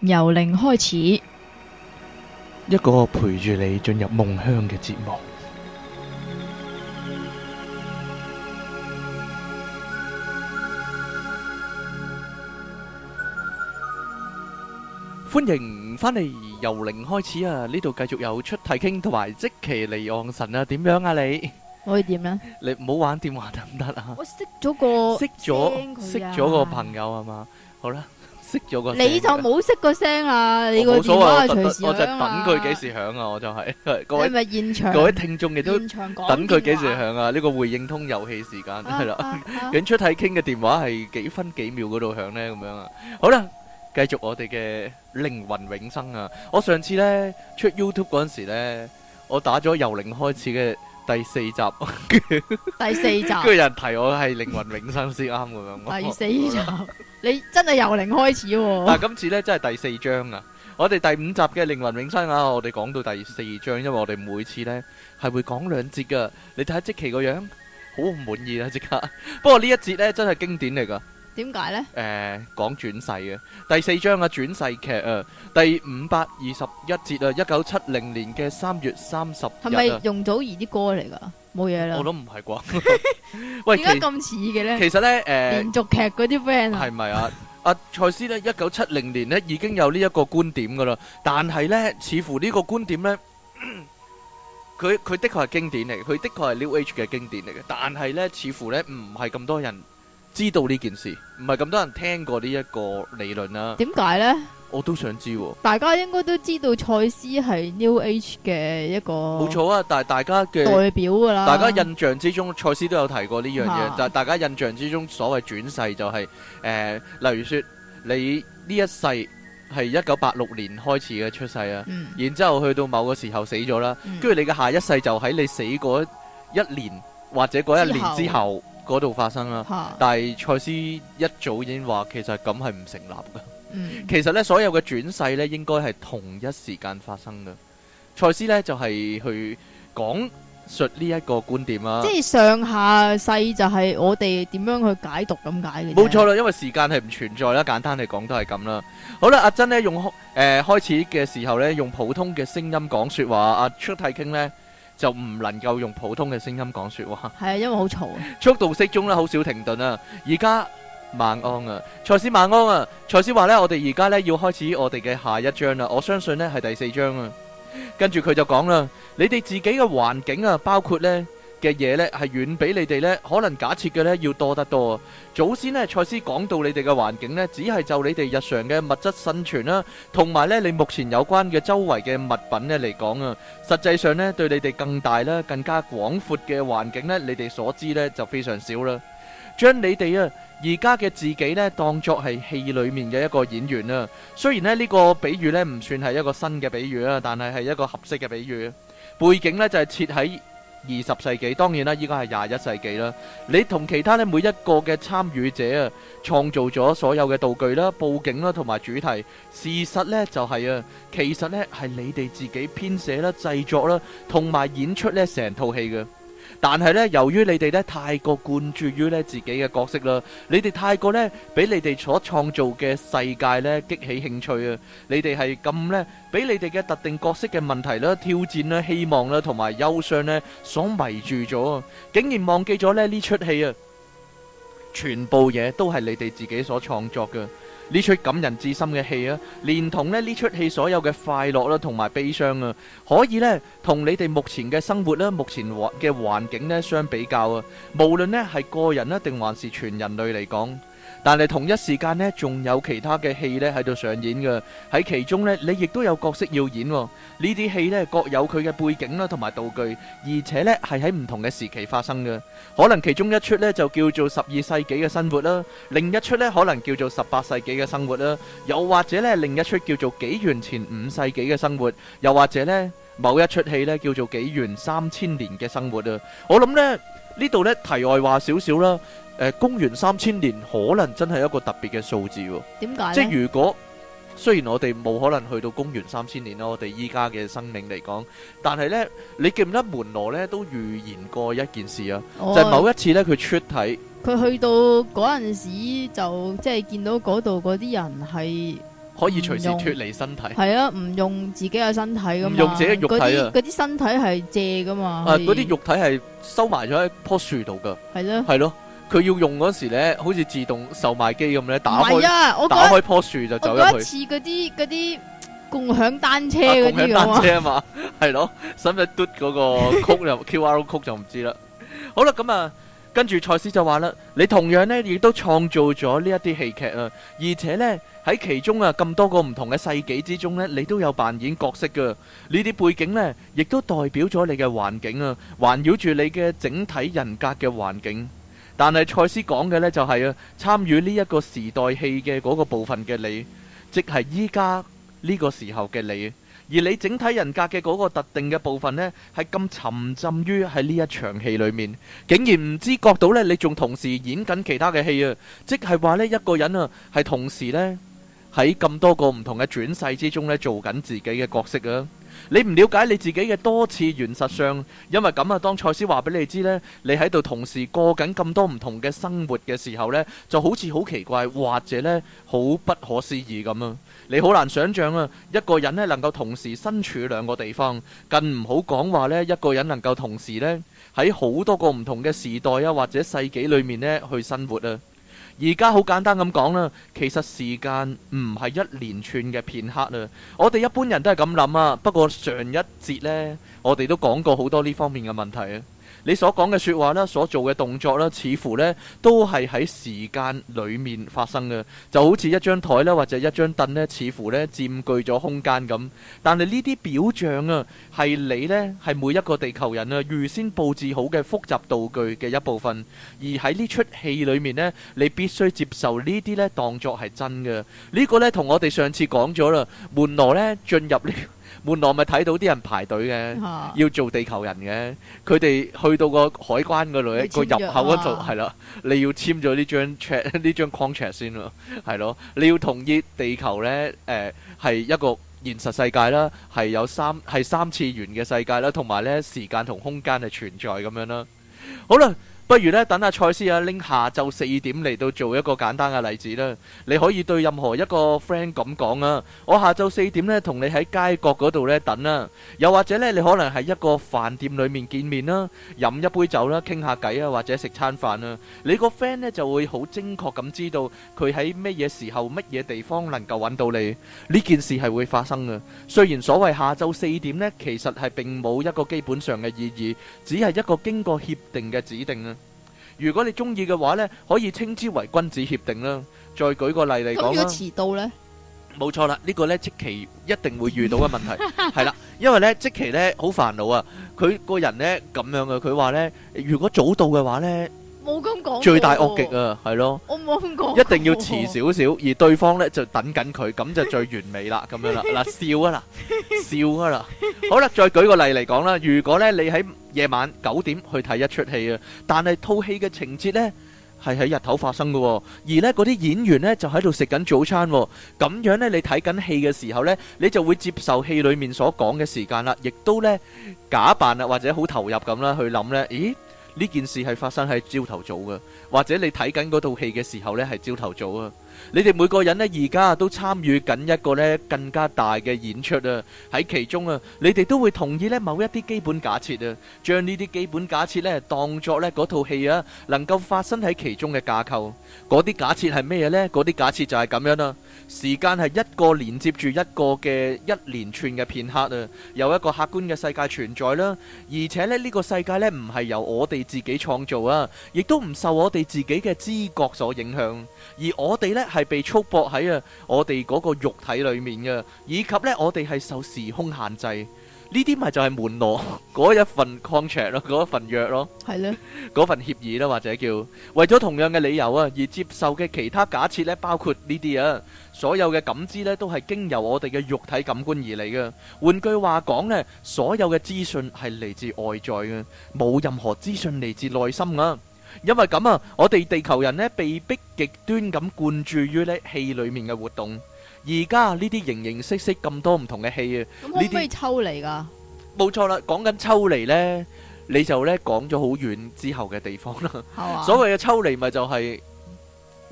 由零開始，一個陪住你進入夢鄉嘅節目。歡迎翻嚟由零開始啊！呢度繼續有出題傾同埋即期離岸神啊，點樣啊你？我會點呢？你唔好玩電話得唔得啊？我識咗個識咗識咗個朋友係嘛，好啦。熄咗個，你就冇熄個聲啊！你個電話隨時響，啊、我就等佢幾時響啊！我就係嗰、啊就是、 位係咪現場各位聽眾嘅都等佢幾時響啊！呢個回應通遊戲時間係啦，影出睇傾嘅電話係幾分幾秒嗰度響呢？咁樣啊！好啦，繼續我哋嘅靈魂永生啊！我上次咧出 YouTube 嗰陣時咧，我打咗由零開始嘅。第四集， 第四集，跟住 人提我係靈魂永生先啱咁樣。 第四集， 你真係由零開始，啊。嗱， 今次呢真係第四章啊！我哋第五集嘅靈魂永生啊，我哋講到第四章，因為我哋每次呢係會講兩節噶。你睇下積奇個樣，好唔滿意啊！即刻， 不過呢一節呢，真係經典嚟噶。點解咧？誒，講轉世嘅第四章啊，轉世劇啊，第五百二十一節啊，一九七零年嘅三月三十日啊，係咪容祖兒啲歌嚟噶？冇嘢啦，我都唔係啩？喂，點解咁似嘅咧？其實咧，誒，連續劇嗰啲 friend 係咪啊？阿蔡司咧，一九七零年咧已經有呢一個觀點噶啦，但係咧，似乎呢個觀點咧，佢佢的確係經典嚟，佢的確係 New Age 嘅經典嚟嘅，但係咧，似乎咧唔係咁多人。知道呢件事，唔係咁多人聽過呢一個理論啦。點解咧？我都想知、啊。大家應該都知道賽斯係 New Age 嘅一個冇錯啊，但係大家嘅代表噶啦。大家印象之中，賽斯都有提過呢樣嘢，但係、啊、大家印象之中所謂轉世就係、是、誒、呃、例如說，你呢一世係一九八六年開始嘅出世啊，嗯、然之後去到某個時候死咗啦，跟住、嗯、你嘅下一世就喺你死嗰一年或者嗰一年之後。之後嗰度發生啦，但係蔡司一早已經話，其實咁係唔成立嘅。其實呢，所有嘅轉世呢，應該係同一時間發生嘅。蔡司呢就係去講述呢一個觀點啦。即係上下世就係我哋點樣去解讀咁解嘅。冇錯啦，因為時間係唔存在啦。簡單嚟講都係咁啦。好啦，阿珍呢用誒開始嘅時候呢，用普通嘅聲音講説話。阿出太傾呢。就唔能夠用普通嘅聲音講說話，係啊，因為好嘈啊， 速度適中啦，好少停頓啊。而家晚安啊，賽斯晚安啊，賽斯話呢，我哋而家呢要開始我哋嘅下一章啦。我相信呢係第四章啊。跟住佢就講啦，你哋自己嘅環境啊，包括呢。嘅嘢呢係遠比你哋呢，可能假設嘅呢要多得多。早先呢，賽斯講到你哋嘅環境呢，只係就你哋日常嘅物質生存啦、啊，同埋呢你目前有關嘅周圍嘅物品呢嚟講啊，實際上呢，對你哋更大啦，更加廣闊嘅環境呢，你哋所知呢就非常少啦。將你哋啊而家嘅自己呢，當作係戲裏面嘅一個演員啦、啊。雖然呢，呢、這個比喻呢唔算係一個新嘅比喻啊，但係係一個合適嘅比喻。背景呢就係設喺。二十世紀，當然啦，依家係廿一世紀啦。你同其他呢每一個嘅參與者啊，創造咗所有嘅道具啦、佈景啦同埋主題。事實呢就係、是、啊，其實呢係你哋自己編寫啦、製作啦同埋演出呢成套戲嘅。但係咧，由於你哋咧太過貫注於咧自己嘅角色啦，你哋太過咧俾你哋所創造嘅世界咧激起興趣啊！你哋係咁咧俾你哋嘅特定角色嘅問題啦、挑戰啦、希望啦同埋憂傷咧所迷住咗，竟然忘記咗咧呢出戲啊！全部嘢都係你哋自己所創作嘅。呢出感人至深嘅戲啊，連同咧呢出戲所有嘅快樂啦，同埋悲傷啊，可以呢同你哋目前嘅生活啦，目前嘅環境呢相比較啊，無論呢係個人啦，定還是全人類嚟講。但係同一時間呢，仲有其他嘅戲呢喺度上演嘅。喺其中呢，你亦都有角色要演。呢啲戲呢，各有佢嘅背景啦，同埋道具，而且呢，係喺唔同嘅時期發生嘅。可能其中一出呢，就叫做十二世紀嘅生活啦，另一出呢，可能叫做十八世紀嘅生活啦，又或者呢，另一出叫做紀元前五世紀嘅生活，又或者呢，某一出戲呢，叫做紀元三千年嘅生活啊。我諗呢，呢度呢，題外話少少啦。誒，公元三千年可能真係一個特別嘅數字，點解？即係如果雖然我哋冇可能去到公元三千年咯，我哋依家嘅生命嚟講，但係咧，你記唔得門羅咧都預言過一件事啊？就係某一次咧，佢出體，佢去到嗰陣時就即係見到嗰度嗰啲人係可以隨時脫離身體，係啊，唔用自己嘅身體噶嘛，唔用自己嘅肉體噶。嗰啲嗰啲身體係借噶嘛，啊，嗰啲肉體係收埋咗喺棵樹度噶，係咯，係咯。佢要用嗰時咧，好似自動售賣機咁咧，打開、啊、我打開棵樹就走入去。似嗰啲啲共享單車嗰啲啊。共享單車啊嘛，係咯， 使唔使 d 嗰個曲 Q R 曲就唔知啦。好啦，咁、嗯、啊，跟住賽斯就話啦，你同樣咧，亦都創造咗呢一啲戲劇啊，而且咧喺其中啊咁多個唔同嘅世紀之中咧，你都有扮演角色噶，呢啲背景咧，亦都代表咗你嘅環境啊，環繞住你嘅整體人格嘅環境。但係賽斯講嘅呢，就係啊，參與呢一個時代戲嘅嗰個部分嘅你，即係依家呢個時候嘅你，而你整體人格嘅嗰個特定嘅部分呢，係咁沉浸於喺呢一場戲裏面，竟然唔知覺到咧，你仲同時演緊其他嘅戲啊！即係話呢，一個人啊，係同時呢。喺咁多個唔同嘅轉世之中咧，做緊自己嘅角色啊！你唔了解你自己嘅多次元實相，因為咁啊，當賽斯話俾你知咧，你喺度同時過緊咁多唔同嘅生活嘅時候咧，就好似好奇怪，或者呢好不可思議咁啊！你好難想象啊，一個人咧能夠同時身處兩個地方，更唔好講話呢，一個人能夠同時呢，喺好多個唔同嘅時代啊，或者世紀裏面呢去生活啊！而家好簡單咁講啦，其實時間唔係一連串嘅片刻啦。我哋一般人都係咁諗啊，不過上一節呢，我哋都講過好多呢方面嘅問題啊。你所講嘅説話啦，所做嘅動作啦，似乎呢都係喺時間裡面發生嘅，就好似一張台啦，或者一張凳呢，似乎呢佔據咗空間咁。但係呢啲表象啊，係你呢係每一個地球人啊預先佈置好嘅複雜道具嘅一部分，而喺呢出戲裡面呢，你必須接受呢啲呢當作係真嘅。呢個呢，同我哋上次講咗啦，門羅呢進入呢。門內咪睇到啲人排隊嘅，要做地球人嘅。佢哋去到個海關度，一個入口嗰度係啦，你要簽咗呢張 check，呢 張 contract 先咯，係咯，你要同意地球咧，誒、呃、係一個現實世界啦，係有三係三次元嘅世界啦，同埋咧時間同空間係存在咁樣啦。好啦。不如咧，等阿賽斯啊拎下晝四點嚟到做一個簡單嘅例子啦。你可以對任何一個 friend 咁講啊，我下晝四點咧同你喺街角度咧等啦、啊。又或者咧，你可能係一個飯店裏面見面啦、啊，飲一杯酒啦、啊，傾下偈啊，或者食餐飯啊，你個 friend 咧就會好精確咁知道佢喺乜嘢時候、乜嘢地方能夠揾到你。呢件事係會發生噶。雖然所謂下晝四點咧，其實係並冇一個基本上嘅意義，只係一個經過協定嘅指定啊。如果你中意嘅話呢，可以稱之為君子協定啦。再舉個例嚟講啦。咁如果遲到呢？冇錯啦，呢個呢即期一定會遇到嘅問題係啦，因為呢即期呢好煩惱啊！佢個人呢咁樣嘅，佢話呢，如果早到嘅話呢，冇咁講最大惡極啊，係咯，我冇咁講，一定要遲少少，而對方呢就等緊佢，咁就最完美啦，咁樣啦，嗱，笑啊啦，笑啊啦，好啦，再舉個例嚟講啦，如果呢你喺夜晚九點去睇一出戲啊，但係套戲嘅情節呢係喺日頭發生嘅，而呢嗰啲演員呢就喺度食緊早餐，咁樣呢，你睇緊戲嘅時候呢，你就會接受戲裡面所講嘅時間啦，亦都呢假扮啊或者好投入咁啦去諗呢。咦？呢件事係發生喺朝頭早嘅，或者你睇緊嗰套戲嘅時候呢係朝頭早啊！你哋每個人呢而家都參與緊一個呢更加大嘅演出啊！喺其中啊，你哋都會同意呢某一啲基本假設啊，將呢啲基本假設呢當作呢嗰套戲啊能夠發生喺其中嘅架構。嗰啲假設係咩呢？嗰啲假設就係咁樣啦。時間係一個連接住一個嘅一連串嘅片刻啊，有一個客觀嘅世界存在啦、啊，而且咧呢、呢個世界咧唔係由我哋自己創造啊，亦都唔受我哋自己嘅知覺所影響，而我哋咧係被束縛喺啊我哋嗰個肉體裡面噶、啊，以及咧我哋係受時空限制，呢啲咪就係門羅嗰 一份 contract 咯，嗰一份約咯，係咧嗰份協議啦、啊，或者叫為咗同樣嘅理由啊而接受嘅其他假設咧，包括呢啲啊。所有嘅感知咧，都係經由我哋嘅肉體感官而嚟嘅。換句話講咧，所有嘅資訊係嚟自外在嘅，冇任何資訊嚟自內心啊。因為咁啊，我哋地球人咧被逼極端咁灌注於咧戲裏面嘅活動。而家呢啲形形色色咁多唔同嘅戲啊，呢啲係抽離噶，冇錯啦。講緊抽離咧，你就咧講咗好遠之後嘅地方啦。係啊，所謂嘅抽離咪就係。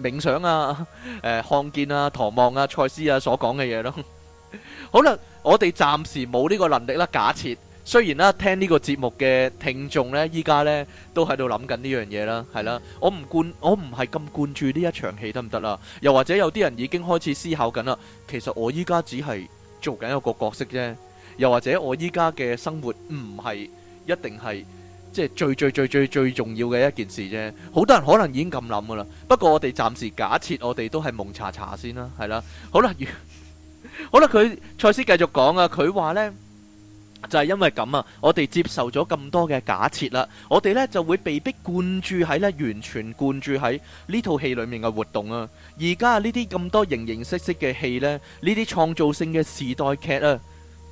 冥想啊、誒看見啊、唐望啊、賽斯啊所講嘅嘢咯。 好啦，我哋暫時冇呢個能力啦。假設雖然啦、啊，聽呢個節目嘅聽眾呢，依家呢都喺度諗緊呢樣嘢啦，係啦，我唔貫，我唔係咁貫注呢一場戲得唔得啦？又或者有啲人已經開始思考緊啦，其實我依家只係做緊一個角色啫，又或者我依家嘅生活唔係一定係。即係最最最最最重要嘅一件事啫，好多人可能已經咁諗噶啦。不過我哋暫時假設我哋都係蒙查查先啦，係啦。好啦，好啦，佢賽斯繼續講啊，佢話呢，就係因為咁啊，我哋接受咗咁多嘅假設啦，我哋呢就會被逼灌注喺呢，完全灌注喺呢套戲裏面嘅活動啊。而家呢啲咁多形形色色嘅戲呢，呢啲創造性嘅時代劇啊。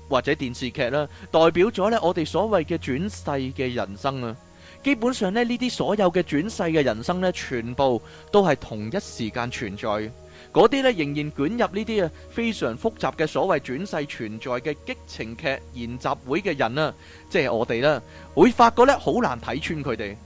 或者電視劇啦，代表咗咧我哋所謂嘅轉世嘅人生啦。基本上咧，呢啲所有嘅轉世嘅人生咧，全部都係同一時間存在。嗰啲咧仍然捲入呢啲啊非常複雜嘅所謂轉世存在嘅激情劇研習會嘅人啦，即係我哋啦，會發覺咧好難睇穿佢哋。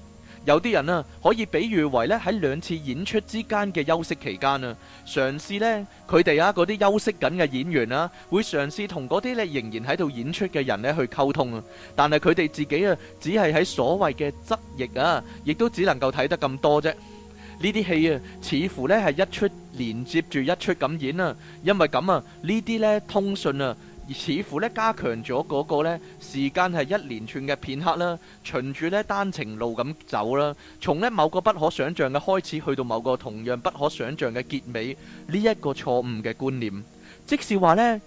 有啲人啊，可以比喻為咧喺兩次演出之間嘅休息期間啊，嘗試咧佢哋啊嗰啲休息緊嘅演員啊，會嘗試同嗰啲咧仍然喺度演出嘅人咧去溝通啊，但係佢哋自己啊只係喺所謂嘅側翼啊，亦都只能夠睇得咁多啫。呢啲戲啊，似乎咧係一出連接住一出咁演啊，因為咁啊呢啲咧通訊啊。而似乎咧加強咗嗰個咧時間係一連串嘅片刻啦，循住呢單程路咁走啦，從呢某個不可想像嘅開始去到某個同樣不可想像嘅結尾，呢一個錯誤嘅觀念。即是話呢，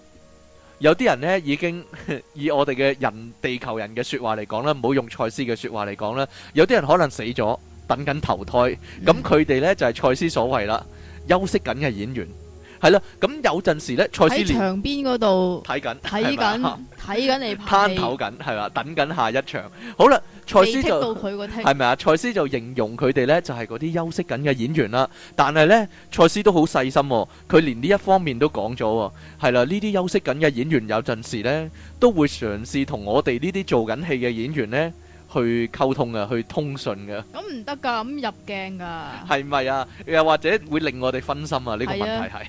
有啲人呢已經以我哋嘅人地球人嘅説話嚟講啦，唔好用賽斯嘅説話嚟講啦，有啲人可能死咗，等緊投胎，咁佢哋呢，就係賽斯所謂啦，休息緊嘅演員。係啦，咁有陣時咧，蔡思喺牆邊嗰度睇緊，睇緊，睇緊你拍，攤唞緊係啦，等緊下一場。好啦，蔡思就係咪啊？蔡思就形容佢哋咧就係嗰啲休息緊嘅演員啦。但係咧，蔡思都好細心喎，佢連呢一方面都講咗喎。係啦，呢啲休息緊嘅演員有陣時咧都會嘗試同我哋呢啲做緊戲嘅演員咧去溝通啊，去通訊噶。咁唔得噶，咁入鏡噶係咪啊？又或者會令我哋分心啊？呢個問題係。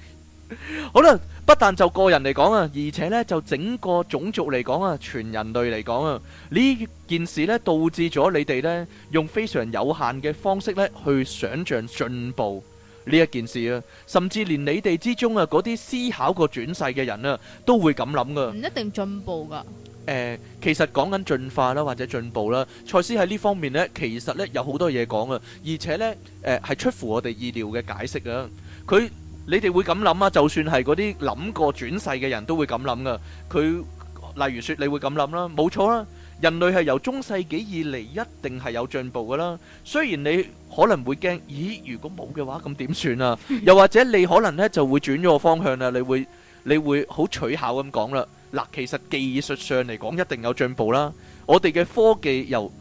好啦，不但就個人嚟講啊，而且咧就整個種族嚟講啊，全人類嚟講啊，呢件事咧導致咗你哋咧用非常有限嘅方式咧去想象進步呢一件事啊，甚至連你哋之中啊嗰啲思考過轉世嘅人啊都會咁諗噶，唔一定進步噶。誒、呃，其實講緊進化啦，或者進步啦，賽斯喺呢方面咧，其實咧有好多嘢講啊，而且咧誒係出乎我哋意料嘅解釋啊，佢。你哋會咁諗啊？就算係嗰啲諗過轉世嘅人都會咁諗噶。佢例如説，你會咁諗啦，冇錯啦。人類係由中世紀以嚟一定係有進步噶啦。雖然你可能會驚，咦？如果冇嘅話，咁點算啊？又或者你可能呢就會轉咗個方向啦。你會你會好取巧咁講啦。嗱，其實技術上嚟講，一定有進步啦。我哋嘅科技由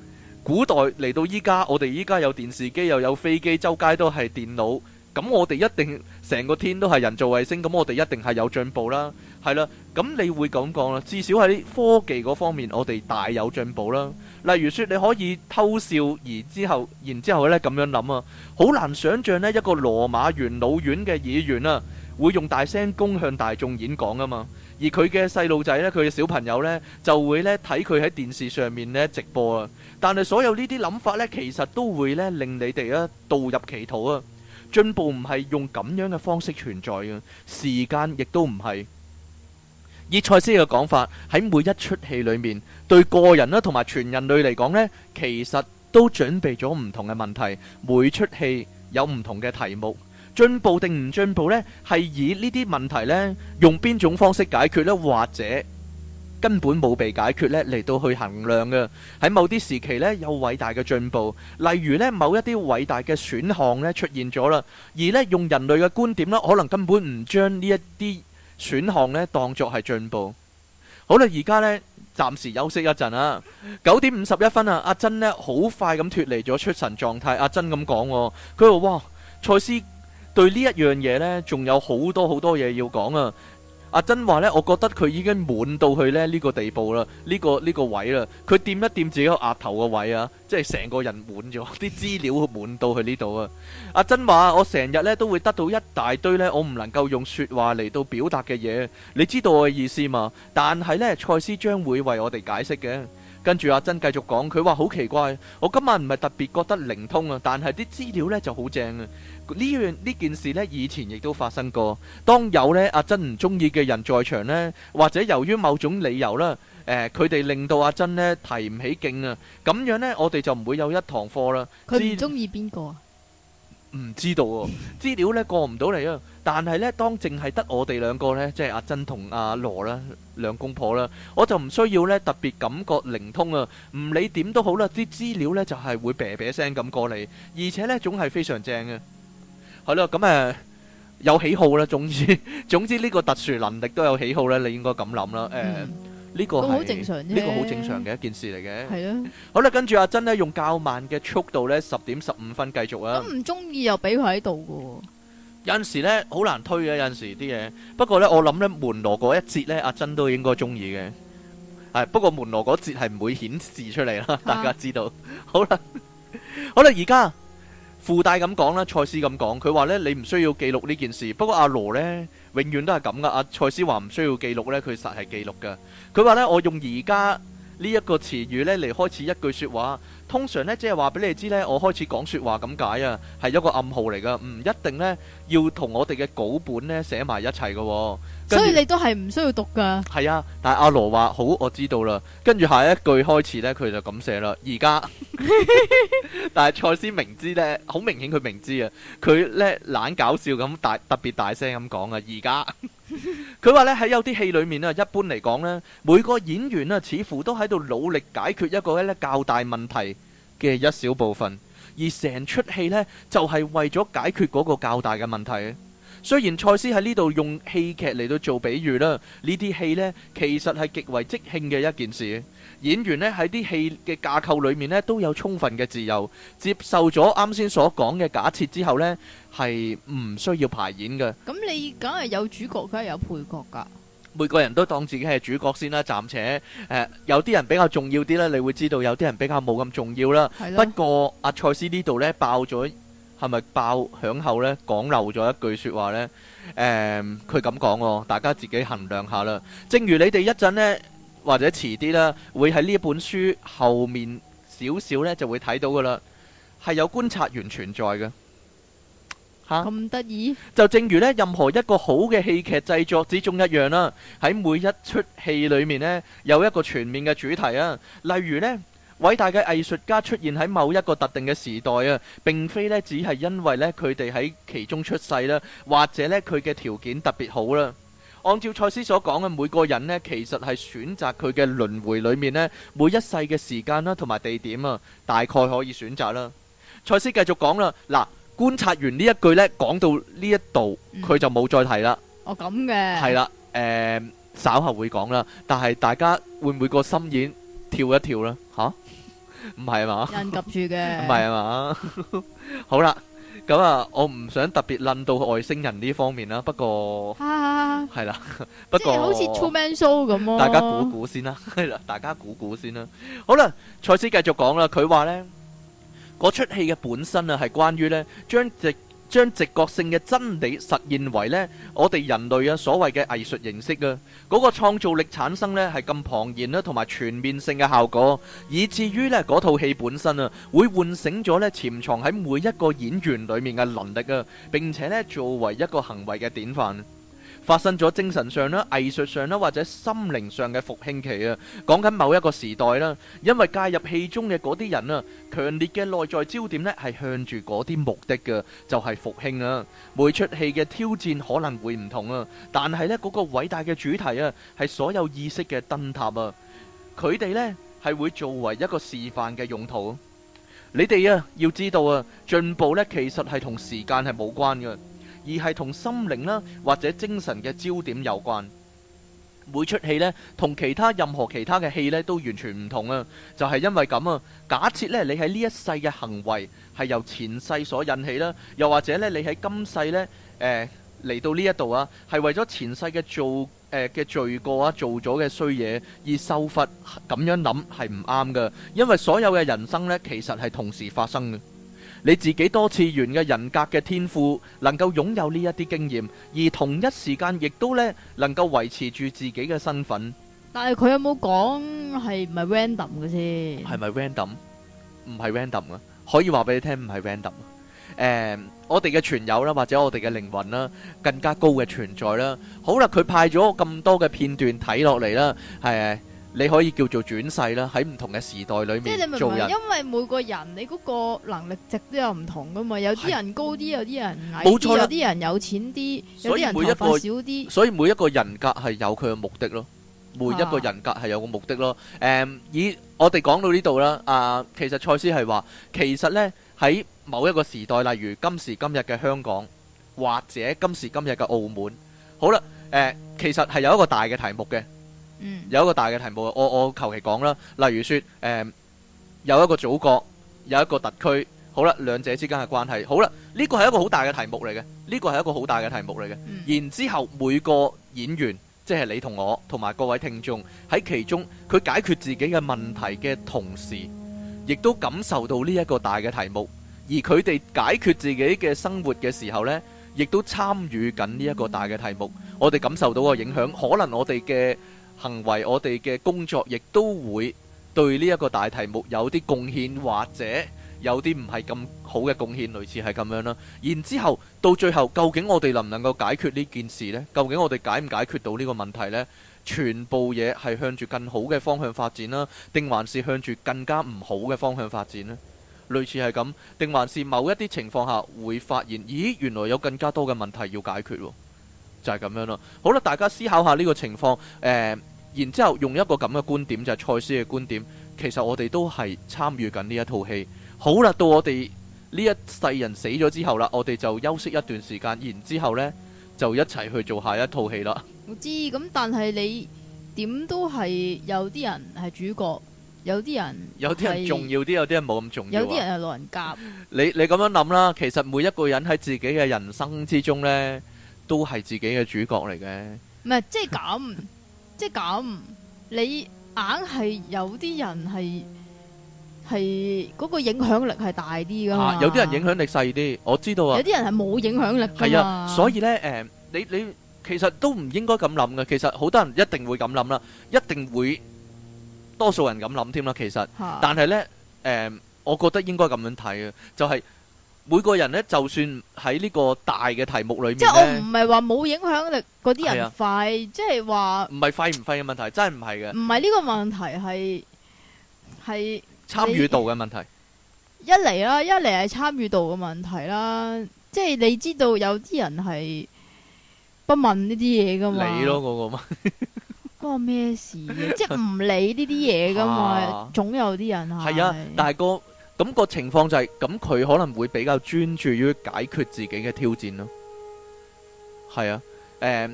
古代嚟到依家，我哋依家有電視機，又有飛機，周街都係電腦。咁我哋一定成個天都係人造衛星，咁我哋一定係有進步啦，係啦。咁你會咁講啦，至少喺科技嗰方面，我哋大有進步啦。例如説，你可以偷笑而之後，然之後咧咁樣諗啊，好難想像呢一個羅馬元老院嘅議員啊，會用大聲攻向大眾演講啊嘛。而佢嘅細路仔呢，佢嘅小朋友呢就會呢睇佢喺電視上面呢直播啊。但係所有呢啲諗法呢，其實都會呢令你哋啊墮入歧途啊。進步唔係用咁樣嘅方式存在嘅，時間亦都唔係。以賽斯嘅講法，喺每一出戲裏面，對個人啦同埋全人類嚟講呢，其實都準備咗唔同嘅問題，每出戲有唔同嘅題目。進步定唔進步呢，係以呢啲問題呢，用邊種方式解決呢，或者，根本冇被解決咧，嚟到去衡量嘅。喺某啲時期咧，有偉大嘅進步，例如咧某一啲偉大嘅選項咧出現咗啦，而咧用人類嘅觀點咧，可能根本唔將呢一啲選項咧當作係進步。好啦，而家咧暫時休息一陣啦。九點五十一分啊，阿珍咧好快咁脫離咗出神狀態。阿珍咁講喎，佢話哇，賽斯對呢一樣嘢咧，仲有好多好多嘢要講啊。阿珍話咧，我覺得佢已經滿到去咧呢個地步啦，呢個呢個位啦，佢掂一掂自己個額頭個位啊，即係成個人滿咗啲資料滿到去呢度啊！阿珍話我成日咧都會得到一大堆咧，我唔能夠用説話嚟到表達嘅嘢，你知道我嘅意思嘛？但係咧，賽斯將會為我哋解釋嘅。跟住阿珍繼續講，佢話好奇怪，我今晚唔係特別覺得靈通啊，但係啲資料咧就好正啊。呢樣呢件事咧以前亦都發生過。當有咧阿珍唔中意嘅人在場咧，或者由於某種理由啦，誒，佢哋令到阿珍咧提唔起勁啊。咁樣咧，我哋就唔會有一堂課啦。佢唔中意邊個啊？唔知道喎，資料咧過唔到嚟啊。但係咧，當淨係得我哋兩個咧，即係阿珍同阿羅啦，兩公婆啦，我就唔需要咧特別感覺靈通啊，唔理點都好啦，啲資料咧就係會啤啤聲咁過嚟，而且咧總係非常正嘅。係咯，咁誒有喜好啦，總之總之呢個特殊能力都有喜好咧，你應該咁諗啦。誒，呢個係呢個好正常嘅一件事嚟嘅。係咯。好啦，跟住阿珍咧用較慢嘅速度咧，十點十五分繼續啊。咁唔中意又俾佢喺度噶。有陣時咧，好難推嘅有陣時啲嘢。不過咧，我諗咧門羅嗰一節咧，阿珍都應該中意嘅。係，不過門羅嗰節係唔會顯示出嚟啦，大家知道。啊、 好啦，好啦，而家附帶咁講啦，賽斯咁講，佢話咧你唔需要記錄呢件事。不過阿羅咧，永遠都係咁噶。阿賽斯話唔需要記錄咧，佢實係記錄噶。佢話咧我用而家。呢一個詞語呢，嚟開始一句説話，通常呢，即係話俾你知呢，我開始講説話咁解啊，係一個暗號嚟噶，唔一定呢，要同我哋嘅稿本呢寫埋一齊噶、哦。所以你都係唔需要讀噶。係啊，但係阿羅話好，我知道啦。跟住下一句開始呢，佢就咁寫啦。而家， 但係賽斯明知呢，好明顯佢明知啊，佢呢懶搞笑咁大特別大聲咁講啊，而家。 佢話咧喺有啲戲裏面咧，一般嚟講咧，每個演員咧似乎都喺度努力解決一個咧較大問題嘅一小部分，而成出戲呢，就係為咗解決嗰個較大嘅問題。雖然賽斯喺呢度用戲劇嚟到做比喻啦，呢啲戲呢，其實係極為即興嘅一件事。演員咧喺啲戲嘅架構裏面咧都有充分嘅自由，接受咗啱先所講嘅假設之後呢係唔需要排演嘅。咁你梗係有主角，梗係有配角㗎。每個人都當自己係主角先啦，暫且、呃、有啲人比較重要啲咧，你會知道有啲人比較冇咁重要啦。啦不過阿賽、啊、斯呢度呢，爆咗，係咪爆響後呢？講漏咗一句説話呢，佢咁講喎，大家自己衡量下啦。正如你哋一陣呢。或者遲啲啦，會喺呢一本書後面少少呢就會睇到噶啦，係有觀察員存在嘅吓。咁得意就正如呢任何一個好嘅戲劇製作之中一樣啦，啊，喺每一出戲裏面呢，有一個全面嘅主題啊。例如呢，偉大嘅藝術家出現喺某一個特定嘅時代啊，並非呢只係因為呢佢哋喺其中出世啦，啊，或者呢佢嘅條件特別好啦，啊。按照蔡司所講嘅，每個人咧，其實係選擇佢嘅輪迴裏面咧，每一世嘅時間啦，同埋地點啊，大概可以選擇啦。蔡司繼續講啦，嗱，觀察完呢一句咧，講到呢一度，佢就冇再提啦。哦，咁嘅。係啦，誒，稍後會講啦，但係大家會唔會個心眼跳一跳咧？嚇，唔係啊嘛。人夾住嘅。唔係啊嘛。好啦。咁啊，我唔想特別諗到外星人呢方面啦，不過係啦，不過即係好似 Two Man Show 咁，大家估估先啦，係啦，大家估估先啦。好啦，賽斯繼續講啦，佢話咧，嗰出戲嘅本身啊，係關於咧將隻，將直覺性嘅真理實現為呢，我哋人類啊，所謂嘅藝術形式啊，嗰個創造力產生呢係咁龐然啦，同埋全面性嘅效果，以至於呢，嗰套戲本身啊，會喚醒咗呢潛藏喺每一個演員裏面嘅能力啊，並且呢，作為一個行為嘅典範。發生咗精神上啦、藝術上啦或者心靈上嘅復興期啊，講緊某一個時代啦，因為介入戲中嘅嗰啲人啊，強烈嘅內在焦點呢，係向住嗰啲目的嘅，就係復興啊。每出戲嘅挑戰可能會唔同啊，但係呢，嗰個偉大嘅主題啊係所有意識嘅燈塔啊，佢哋呢，係會作為一個示範嘅用途。你哋啊要知道啊，進步呢，其實係同時間係冇關嘅。而係同心靈啦，或者精神嘅焦點有關。每出戲咧，同其他任何其他嘅戲咧，都完全唔同啊！就係因為咁啊。假設咧，你喺呢一世嘅行為係由前世所引起啦，又或者咧，你喺今世咧，誒嚟到呢一度啊，係為咗前世嘅做誒嘅罪過啊，做咗嘅衰嘢而受罰，咁樣諗係唔啱㗎。因為所有嘅人生咧，其實係同時發生嘅。你自己多次元嘅人格嘅天賦，能夠擁有呢一啲經驗，而同一時間亦都呢能夠維持住自己嘅身份。但係佢有冇講係唔係 random 嘅先？係咪 random？唔係 random 噶，可以話俾你聽唔係 random。誒，我哋嘅存有啦，或者我哋嘅靈魂啦，更加高嘅存在啦。好啦，佢派咗咁多嘅片段睇落嚟啦，係。你可以叫做轉世啦，喺唔同嘅時代裏面，即係你明唔明？做人。因為每個人你嗰個能力值都有唔同㗎嘛，有啲人高啲，的有啲人矮啲，有啲人有錢啲，所以每一個有啲人才華少啲。所以每一個人格係有佢嘅目的咯，每一個人格係有個目的咯。誒、啊，um, 以我哋講到呢度啦，啊，其實賽斯係話，其實呢，喺某一個時代，例如今時今日嘅香港或者今時今日嘅澳門，好啦，誒、啊，其實係有一個大嘅題目嘅。有一個大嘅題目，我我求其講啦。例如說，誒、嗯、有一個祖國，有一個特區，好啦，兩者之間嘅關係，好啦，呢個係一個好大嘅題目嚟嘅。呢個係一個好大嘅題目嚟嘅。嗯、然之後每個演員，即係你同我同埋各位聽眾喺其中，佢解決自己嘅問題嘅同時，亦都感受到呢一個大嘅題目。而佢哋解決自己嘅生活嘅時候呢，亦都參與緊呢一個大嘅題目。我哋感受到個影響，可能我哋嘅。行為，我哋嘅工作亦都會對呢一個大題目有啲貢獻，或者有啲唔係咁好嘅貢獻，類似係咁樣啦。然之後到最後，究竟我哋能唔能夠解決呢件事呢？究竟我哋解唔解決到呢個問題呢？全部嘢係向住更好嘅方向發展啦、啊，定還是向住更加唔好嘅方向發展呢？類似係咁，定還是某一啲情況下會發現，咦，原來有更加多嘅問題要解決喎、啊？就係、是、咁樣咯。好啦，大家思考下呢個情況，誒、呃。然之後用一個咁嘅觀點，就係、是、賽斯嘅觀點。其實我哋都係參與緊呢一套戲。好啦，到我哋呢一世人死咗之後啦，我哋就休息一段時間。然之後呢，就一齊去做下一套戲啦。我知，咁但係你點都係有啲人係主角，有啲人有啲人重要啲，有啲人冇咁重要，有啲人係老人甲 。你你咁樣諗啦，其實每一個人喺自己嘅人生之中呢，都係自己嘅主角嚟嘅。唔係，即係咁。 即係咁，你硬係有啲人係係嗰個影響力係大啲噶嘛、啊、有啲人影響力細啲，我知道啊。有啲人係冇影響力噶嘛係啊，所以咧，誒、呃，你你其實都唔應該咁諗噶。其實好多人一定會咁諗啦，一定會多數人咁諗添啦。其實，但係咧，誒、呃，我覺得應該咁樣睇嘅，就係、是。每個人咧，就算喺呢個大嘅題目裏面，即係我唔係話冇影響力嗰啲人快，即係話唔係快唔快嘅問題，真係唔係嘅。唔係呢個問題係係參與度嘅問題。一嚟啦，一嚟係參與度嘅問題啦，即係你知道有啲人係不問呢啲嘢噶嘛？你咯，我我問，關我咩事？即係唔理呢啲嘢噶嘛？啊、總有啲人係啊，大哥。咁個情況就係咁，佢可能會比較專注於解決自己嘅挑戰咯。係啊，誒，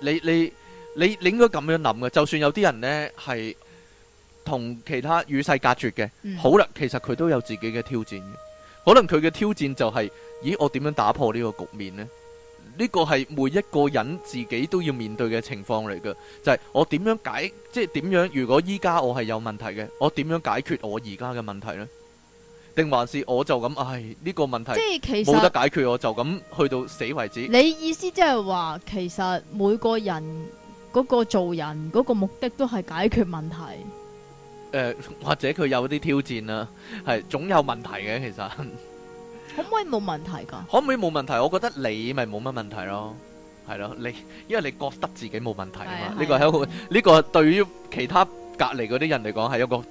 你你你你應該咁樣諗嘅。就算有啲人呢係同其他與世隔絕嘅，好啦，其實佢都有自己嘅挑戰嘅。可能佢嘅挑戰就係咦，我點樣打破呢個局面呢？呢個係每一個人自己都要面對嘅情況嚟嘅，就係我點樣解即係點樣？如果依家我係有問題嘅，我點樣解決我而家嘅問題呢？定還是我就咁，唉，呢個問題即係其實冇得解決，我就咁去到死為止。你意思即係話，其實每個人嗰個做人嗰個目的都係解決問題。誒，或者佢有啲挑戰啊，係總有問題嘅。其實可唔可以冇問題噶？可唔可以冇問題？我覺得你咪冇乜問題咯，係咯，你因為你覺得自己冇問題啊嘛。呢個係一個呢個對於其他。隔籬嗰啲人嚟講係一個超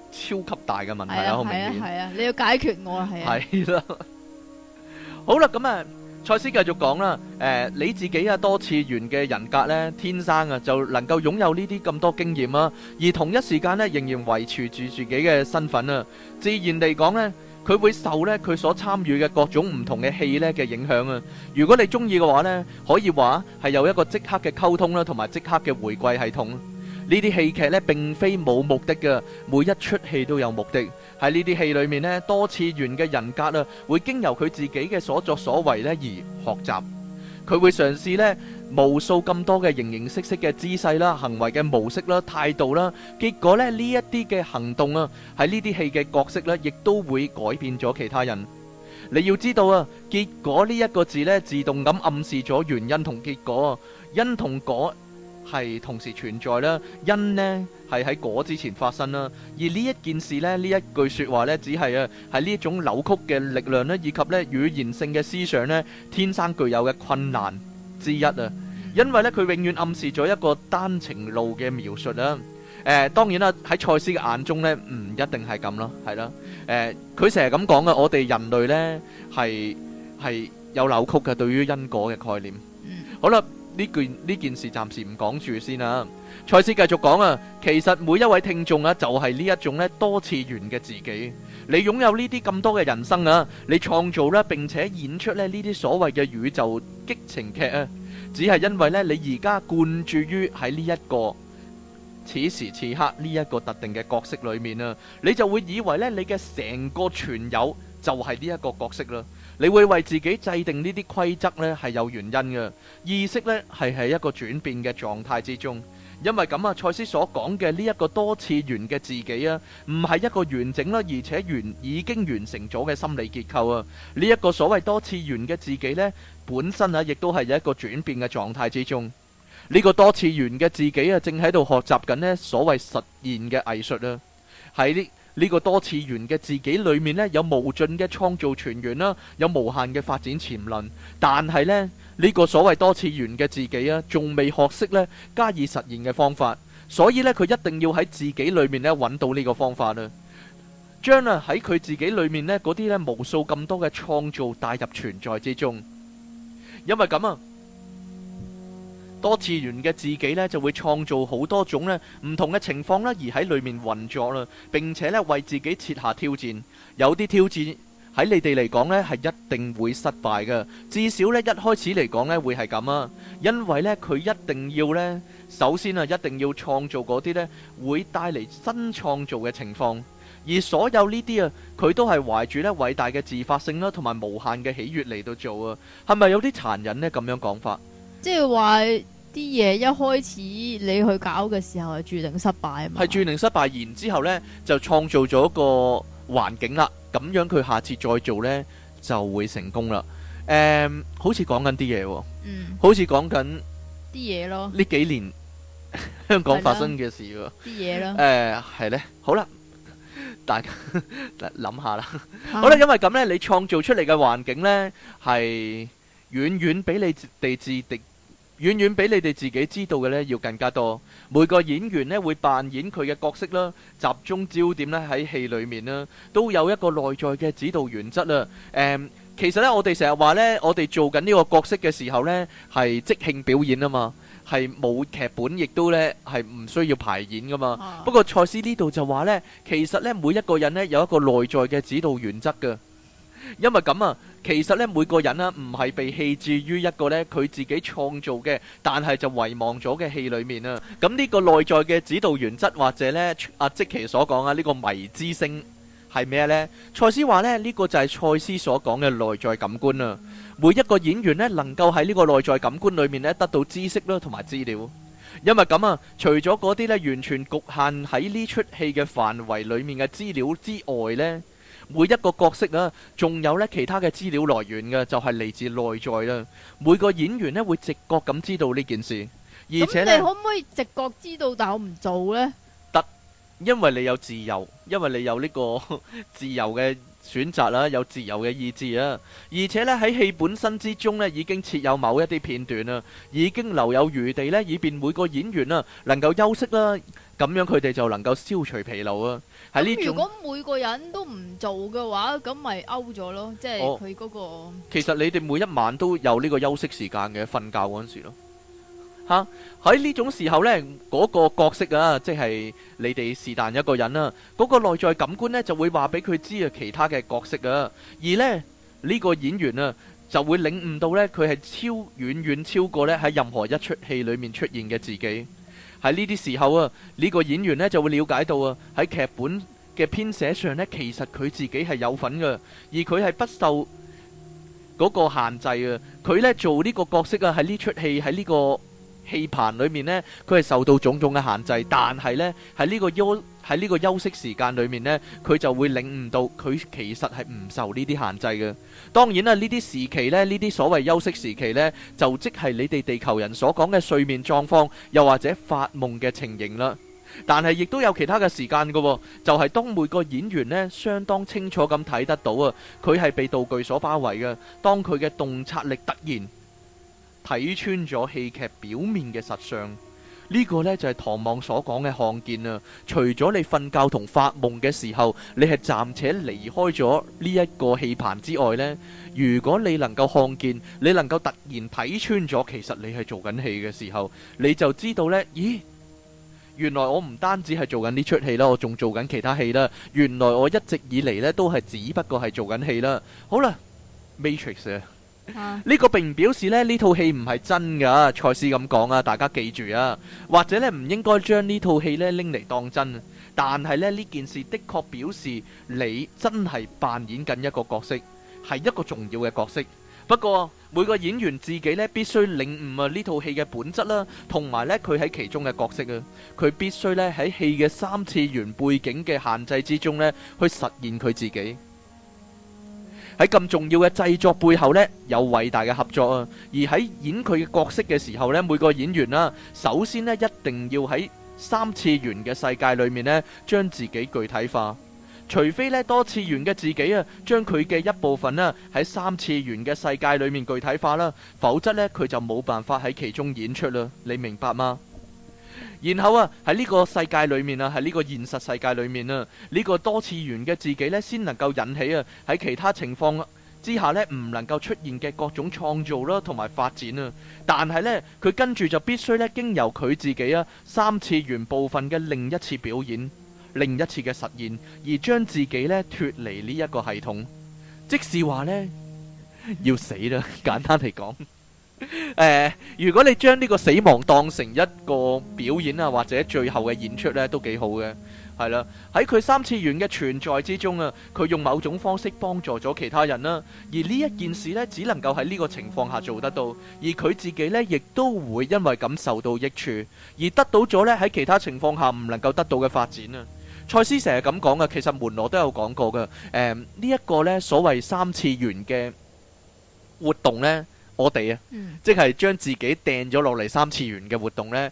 級大嘅問題啦，好明顯。係啊，你要解決我啊，係啊。係啦，好啦，咁啊，賽斯繼續講啦。誒，你自己啊，多次元嘅人格咧，天生啊就能夠擁有呢啲咁多經驗啊，而同一時間咧仍然維持住自己嘅身份啊。自然嚟講咧，佢會受咧佢所參與嘅各種唔同嘅戲咧嘅影響啊。如果你中意嘅話咧，可以話係有一個即刻嘅溝通啦，同埋即刻嘅回饋系統。呢啲戲劇咧並非冇目的嘅，每一出戲都有目的。喺呢啲戲裏面咧，多次元嘅人格啊，會經由佢自己嘅所作所為咧而學習。佢會嘗試咧無數咁多嘅形形色色嘅姿勢啦、行為嘅模式啦、態度啦。結果咧，呢一啲嘅行動啊，喺呢啲戲嘅角色咧，亦都會改變咗其他人。你要知道啊，結果呢一個字咧，自動咁暗示咗原因同結果，因同果。係同時存在啦，因咧係喺果之前發生啦，而呢一件事咧，呢一句說話咧，只係啊，係呢一種扭曲嘅力量咧，以及咧語言性嘅思想咧，天生具有嘅困難之一啊，因為咧佢永遠暗示咗一個單程路嘅描述啦，誒，當然啦，喺賽斯嘅眼中咧，唔一定係咁咯，係啦，誒，佢成日咁講嘅，我哋人類咧係係有扭曲嘅對於因果嘅概念，好啦。呢件呢件事暫時唔講住先啦，賽斯繼續講啊，其實每一位聽眾啊，就係呢一種咧多次元嘅自己，你擁有呢啲咁多嘅人生啊，你創造咧並且演出咧呢啲所謂嘅宇宙激情劇啊，只係因為呢，你而家灌注於喺呢一個此時此刻呢一個特定嘅角色裏面啊，你就會以為呢，你嘅成個全有就係呢一個角色啦。你會為自己制定呢啲規則呢，係有原因嘅。意識呢，係喺一個轉變嘅狀態之中，因為咁啊，賽斯所講嘅呢一個多次元嘅自己啊，唔係一個完整啦，而且完已經完成咗嘅心理結構啊。呢、這、一個所謂多次元嘅自己呢，本身啊亦都係一個轉變嘅狀態之中。呢、這個多次元嘅自己啊，正喺度學習緊呢所謂實現嘅藝術啊。喺呢。呢個多次元嘅自己裏面呢，有無盡嘅創造泉源啦，有無限嘅發展潛能。但係呢，呢個所謂多次元嘅自己啊，仲未學識呢加以實現嘅方法，所以呢，佢一定要喺自己裏面呢揾到呢個方法啦，將啊喺佢自己裏面呢嗰啲呢無數咁多嘅創造帶入存在之中，因為咁啊，多次元嘅自己呢，就會創造好多種呢唔同嘅情況咧，而喺裏面運作啦，並且呢，為自己設下挑戰。有啲挑戰喺你哋嚟講呢，係一定會失敗嘅，至少呢，一開始嚟講呢，會係咁啊，因為呢，佢一定要呢，首先啊，一定要創造嗰啲呢，會帶嚟新創造嘅情況，而所有呢啲啊，佢都係懷住呢偉大嘅自發性啦、啊，同埋無限嘅喜悅嚟到做啊，係咪有啲殘忍呢？咁樣講法？即係話啲嘢，一開始你去搞嘅時候，係注定失敗啊嘛，係注定失敗然，然之後咧，就創造咗一個環境啦，咁樣佢下次再做呢就會成功啦。誒、嗯，好似講緊啲嘢喎，好似講緊啲嘢咯，呢幾年香港發生嘅事喎，啲嘢咯，誒，係咧，好啦，大家諗 下啦，啊、好啦，因為咁呢，你創造出嚟嘅環境呢，係遠遠比你地置敵，遠遠比你哋自己知道嘅呢，要更加多。每個演員呢，會扮演佢嘅角色啦，集中焦點咧喺戲裏面啦，都有一個內在嘅指導原則啦、嗯。其實呢，我哋成日話呢，我哋做緊呢個角色嘅時候呢，係即興表演啊嘛，係冇劇本，亦都呢，係唔需要排演噶嘛。啊、不過賽斯呢度就話呢，其實呢，每一個人呢，有一個內在嘅指導原則嘅。因為咁啊，其實呢，每個人啦，唔係被棄置於一個呢，佢自己創造嘅，但係就遺忘咗嘅戲裏面啊。咁呢個內在嘅指導原則或者呢，阿即其所講啊，呢個迷之星係咩呢？賽斯話呢，呢個就係賽斯所講嘅內在感官啊。每一個演員呢，能夠喺呢個內在感官裏面呢，得到知識啦，同埋資料。因為咁啊，除咗嗰啲呢，完全局限喺呢出戲嘅範圍裏面嘅資料之外呢。每一個角色啊，仲有咧其他嘅資料來源嘅，就係嚟自內在啊。每個演員咧會直覺咁知道呢件事，而且咧，咁你可唔可以直覺知道，但係我唔做咧？得，因為你有自由，因為你有呢個自由嘅選擇啦，有自由嘅意志啊。而且咧喺戲本身之中咧，已經設有某一啲片段啦，已經留有餘地咧，以便每個演員啦能夠休息啦，咁樣佢哋就能夠消除疲勞啊。咁如果每個人都唔做嘅話，咁咪勾咗咯，即係佢嗰個。其實你哋每一晚都有呢個休息時間嘅，瞓覺嗰陣時咯。嚇、啊！喺呢種時候呢，嗰個角色啊，即係你哋是但一個人啊，嗰個內在感官呢，就會話俾佢知啊，其他嘅角色啊，而呢，呢個演員啊就會領悟到呢，佢係超遠遠超過呢，喺任何一出戲裡面出現嘅自己。喺呢啲時候啊，呢個演員呢就會了解到啊，喺劇本嘅編寫上呢，其實佢自己係有份嘅，而佢係不受嗰個限制啊。佢呢做呢個角色啊，喺呢出戲喺呢個戲棚裏面呢，佢係受到種種嘅限制，但係咧喺呢個休喺呢個休息時間裏面呢，佢就會領悟到佢其實係唔受呢啲限制嘅。當然啦、啊，呢啲時期呢，呢啲所謂休息時期呢，就即係你哋地球人所講嘅睡眠狀況，又或者發夢嘅情形啦。但係亦都有其他嘅時間噶，就係、是、當每個演員呢相當清楚咁睇得到啊，佢係被道具所包圍嘅。當佢嘅洞察力突然。睇穿咗戲劇表面嘅實相，呢個呢就係唐望所講嘅看見啦。除咗你瞓覺同發夢嘅時候，你係暫且離開咗呢一個戲棚之外呢，如果你能夠看見，你能夠突然睇穿咗，其實你係做緊戲嘅時候，你就知道呢：咦，原來我唔單止係做緊呢出戲啦，我仲做緊其他戲啦。原來我一直以嚟呢都係只不過係做緊戲啦。好啦，Matrix 呢個並唔表示呢，呢套戲唔係真噶，賽斯咁講啊，大家記住啊，或者呢唔應該將呢套戲呢拎嚟當真。但係呢呢件事的確表示你真係扮演緊一個角色，係一個重要嘅角色。不過每個演員自己呢必須領悟啊呢套戲嘅本質啦、啊，同埋呢佢喺其中嘅角色啊，佢必須呢喺戲嘅三次元背景嘅限制之中呢，去實現佢自己。喺咁重要嘅製作背後呢，有偉大嘅合作啊！而喺演佢嘅角色嘅時候呢，每個演員啦、啊，首先呢，一定要喺三次元嘅世界裏面呢，將自己具體化，除非呢，多次元嘅自己啊，將佢嘅一部分啊喺三次元嘅世界裏面具體化啦，否則呢，佢就冇辦法喺其中演出啦。你明白嗎？然後啊，喺呢個世界裏面啊，喺呢個現實世界裏面啊，呢個多次元嘅自己咧，先能夠引起啊喺其他情況之下呢唔能夠出現嘅各種創造啦，同埋發展啊。但係呢，佢跟住就必須咧經由佢自己啊三次元部分嘅另一次表演，另一次嘅實現，而將自己咧脫離呢一個系統。即是話呢，要死啦！簡單嚟講。誒、呃，如果你將呢個死亡當成一個表演啊，或者最後嘅演出呢，都幾好嘅，係啦。喺佢三次元嘅存在之中啊，佢用某種方式幫助咗其他人啦、啊。而呢一件事呢，只能夠喺呢個情況下做得到，而佢自己呢，亦都會因為咁受到益處，而得到咗呢喺其他情況下唔能夠得到嘅發展啊。蔡思成日咁講嘅，其實門羅都有講過嘅。誒、呃，呢、這、一個呢，所謂三次元嘅活動呢。我哋啊，即係將自己掟咗落嚟三次元嘅活動呢，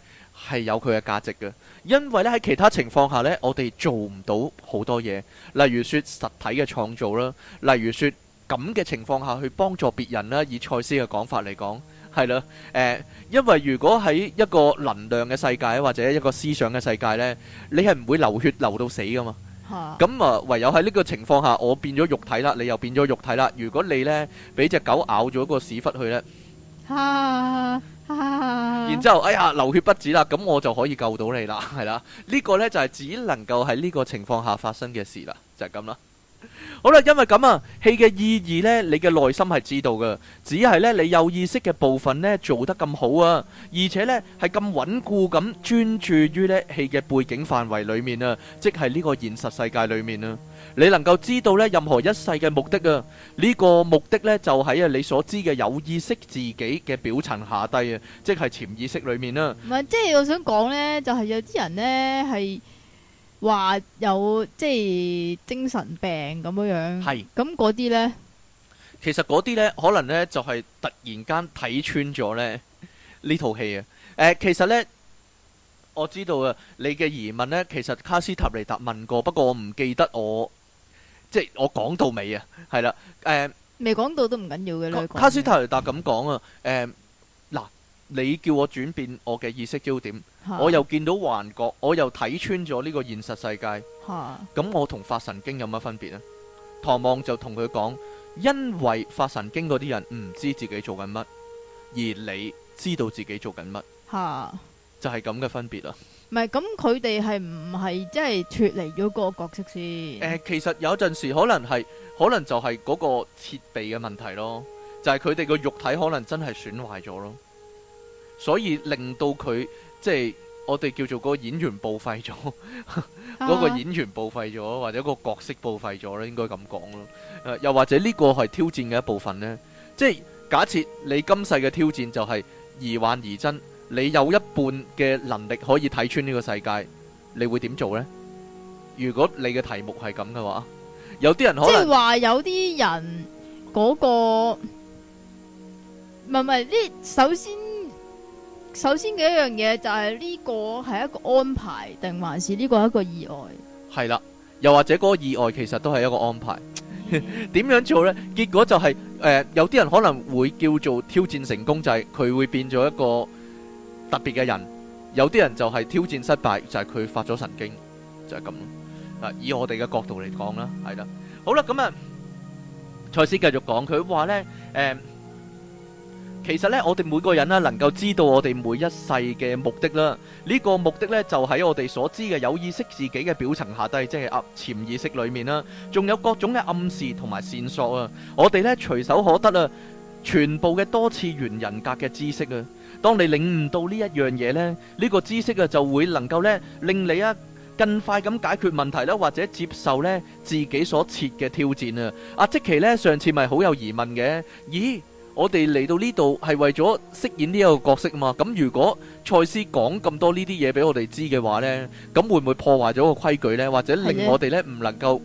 係有佢嘅價值嘅，因為咧喺其他情況下呢，我哋做唔到好多嘢，例如説實體嘅創造啦，例如説咁嘅情況下去幫助別人啦。以賽斯嘅講法嚟講係啦，誒、呃，因為如果喺一個能量嘅世界或者一個思想嘅世界呢，你係唔會流血流到死噶嘛。咁、嗯、啊，唯有喺呢個情況下，我變咗肉體啦，你又變咗肉體啦。如果你呢，俾隻狗咬咗個屎忽去呢，然之後哎呀流血不止啦，咁我就可以救到你啦，係啦。呢、嗯這個呢就係只能夠喺呢個情況下發生嘅事啦，就係咁啦。好啦，因為咁啊，戲嘅意義呢，你嘅內心係知道嘅，只係呢，你有意識嘅部分呢，做得咁好啊，而且呢，係咁穩固咁專注於呢戲嘅背景範圍裏面啊，即係呢個現實世界裏面啊，你能夠知道呢任何一世嘅目的啊，呢個目的呢，就喺啊你所知嘅有意識自己嘅表層下低啊，即係潛意識裏面啦、啊。唔係，即係我想講呢，就係有啲人呢係。話有，即係精神病咁樣樣，係咁嗰啲呢？其實嗰啲呢，可能呢，就係、是、突然間睇穿咗咧呢套戲 啊。誒、呃，其實呢，我知道啊，你嘅疑問呢，其實卡斯塔尼達問過，不過我唔記得我即係我講到未啊，係啦，誒、呃，未講到都唔緊要嘅，卡，講卡斯塔尼達咁講啊，誒、呃。 你叫我轉變我嘅意識焦點，哈我又見到幻覺，我又睇穿咗呢個現實世界。咁哈我同發神經有乜分別呢？唐望就同佢講，因為發神經嗰啲人唔知自己做緊乜，而你知道自己做緊乜，哈就係咁嘅分別啦。唔係咁，佢哋係唔係即係脫離咗個角色先？誒，其實有陣時可能係可能就係嗰個設備嘅問題咯，就係佢哋個肉體可能真係損壞咗咯。所以令到佢即係我哋叫做嗰個演員報廢咗，嗰個演員報廢咗，或者個角色報廢咗啦，應該咁講咯。誒，又或者呢個係挑戰嘅一部分咧。即係假設你今世嘅挑戰就係疑幻疑真，你有一半嘅能力可以睇穿呢個世界，你會點做咧？如果你嘅題目係咁嘅話，有啲人可以即係話有啲人嗰個唔係唔係呢？首先。首先嘅一樣嘢就係呢個係一個安排，定還是呢個係一個意外？係啦，又或者嗰個意外其實都係一個安排。點樣做呢？結果就係誒，有啲人可能會叫做挑戰成功，就係佢會變咗一個特別嘅人；有啲人就係挑戰失敗，就係佢發咗神經，就係咁咯。啊，以我哋嘅角度嚟講啦，係啦，好啦，咁啊，賽斯繼續講，佢話呢，誒。其實咧，我哋每個人咧，能夠知道我哋每一世嘅目的啦。呢個目的呢，就喺我哋所知嘅有意識自己嘅表層下底，即係暗潛意識裏面啦。仲有各種嘅暗示同埋線索啊。我哋呢隨手可得啊，全部嘅多次元人格嘅知識啊。當你領悟到呢一樣嘢呢，呢個知識啊就會能夠呢令你啊更快咁解決問題啦，或者接受呢自己所設嘅挑戰啊。阿即奇呢，上次咪好有疑問嘅，咦？我哋嚟到呢度係為咗飾演呢一個角色啊嘛，咁如果賽斯講咁多呢啲嘢俾我哋知嘅話咧，咁會唔會破壞咗個規矩咧？或者令我哋咧唔能夠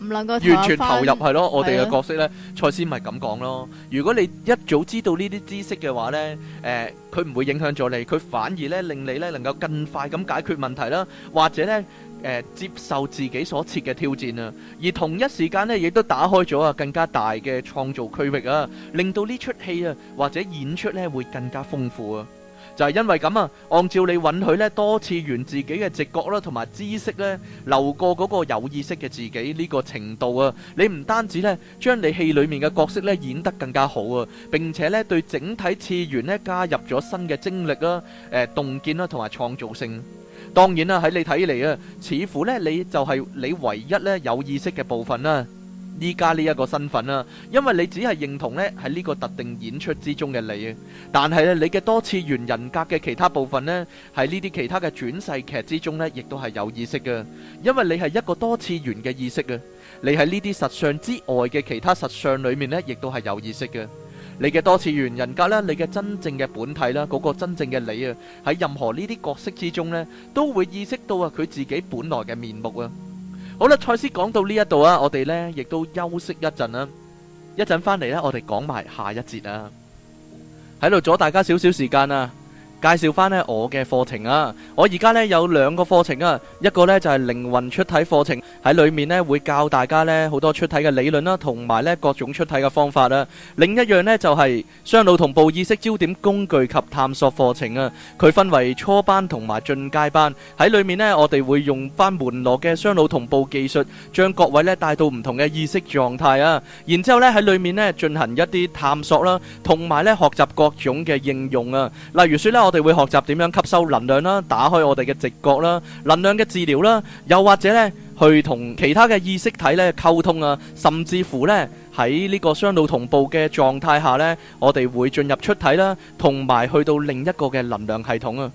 唔能夠完全投入係咯？我哋嘅角色咧，賽斯咪咁講咯。如果你一早知道呢啲知識嘅話咧，誒，佢唔會影響咗你，佢反而咧令你咧能夠更快咁解決問題啦，或者咧，接受自己所設嘅挑戰啊，而同一時間咧，亦都打開咗啊更加大嘅創造區域啊，令到呢出戲啊或者演出咧會更加豐富啊。就係、是、因為咁啊，按照你允許咧多次元自己嘅直覺啦，同埋知識咧流過嗰個有意識嘅自己呢個程度啊，你唔單止咧將你戲裏面嘅角色咧演得更加好啊，並且咧對整體次元咧加入咗新嘅精力啦、誒洞見啦同埋創造性。當然啦，喺你睇嚟啊，似乎呢，你就係你唯一呢有意識嘅部分啦。依家呢一個身份啊，因為你只係認同呢喺呢個特定演出之中嘅你啊，但係咧，你嘅多次元人格嘅其他部分呢，喺呢啲其他嘅轉世劇之中呢，亦都係有意識嘅，因為你係一個多次元嘅意識啊。你喺呢啲實相之外嘅其他實相裏面呢，亦都係有意識嘅。你嘅多次元人格啦，你嘅真正嘅本體啦，嗰個真正嘅你啊，喺任何呢啲角色之中呢，都會意識到啊，佢自己本來嘅面目啊。好啦，賽斯講到呢一度啊，我哋呢亦都休息一陣啦，一陣翻嚟呢，我哋講埋下一節啊。喺度阻大家少少時間啊。介紹翻呢我嘅課程啊！我而家呢有兩個課程啊，一個呢就係靈魂出體課程，喺裏面呢會教大家呢好多出體嘅理論啦，同埋呢各種出體嘅方法啊。另一樣呢就係雙腦同步意識焦點工具及探索課程啊。佢分為初班同埋進階班，喺裏面呢我哋會用翻門羅嘅雙腦同步技術，將各位呢帶到唔同嘅意識狀態啊。然之後呢喺裏面呢進行一啲探索啦，同埋呢學習各種嘅應用啊。例如説呢，我我哋會學習點樣吸收能量啦，打開我哋嘅直覺啦，能量嘅治療啦，又或者呢去同其他嘅意識體呢溝通啊，甚至乎呢喺呢個雙腦同步嘅狀態下呢，我哋會進入出體啦，同埋去到另一個嘅能量系統啊。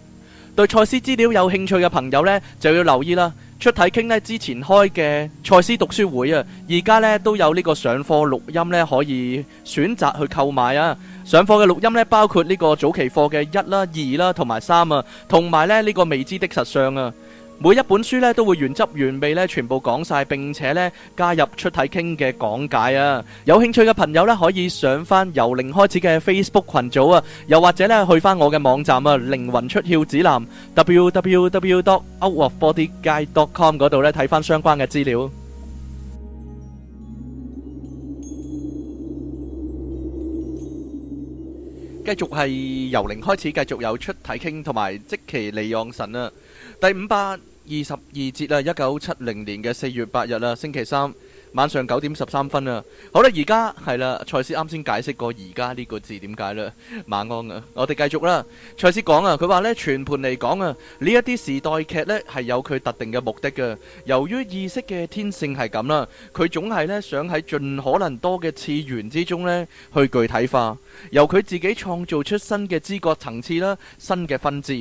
對賽斯資料有興趣嘅朋友呢，就要留意啦。出體傾呢之前開嘅賽斯讀書會啊，而家呢都有呢個上課錄音呢，可以選擇去購買啊。上課嘅錄音咧，包括呢個早期課嘅一啦、二啦同埋三啊，同埋咧呢個未知的實相啊，每一本書咧都會原汁原味咧全部講晒，並且咧加入出體傾嘅講解啊。有興趣嘅朋友咧，可以上翻由零開始嘅 Facebook 群組啊，又或者咧去翻我嘅網站啊，靈魂出竅指南 www.outofbodyguide.com 嗰度咧睇翻相關嘅資料。繼續係由零開始，繼續有出體傾同埋即期利用神啦。第五百二十二節啦，一九七零年嘅四月八日啦，星期三。晚上九點十三分啊！好啦，而家係啦，賽斯啱先解釋過而家呢個字點解啦，晚安啊！我哋繼續啦。賽斯講啊，佢話呢，全盤嚟講啊，呢一啲時代劇呢係有佢特定嘅目的嘅。由於意識嘅天性係咁啦，佢總係呢，想喺盡可能多嘅次元之中呢去具體化，由佢自己創造出新嘅知覺層次啦，新嘅分支。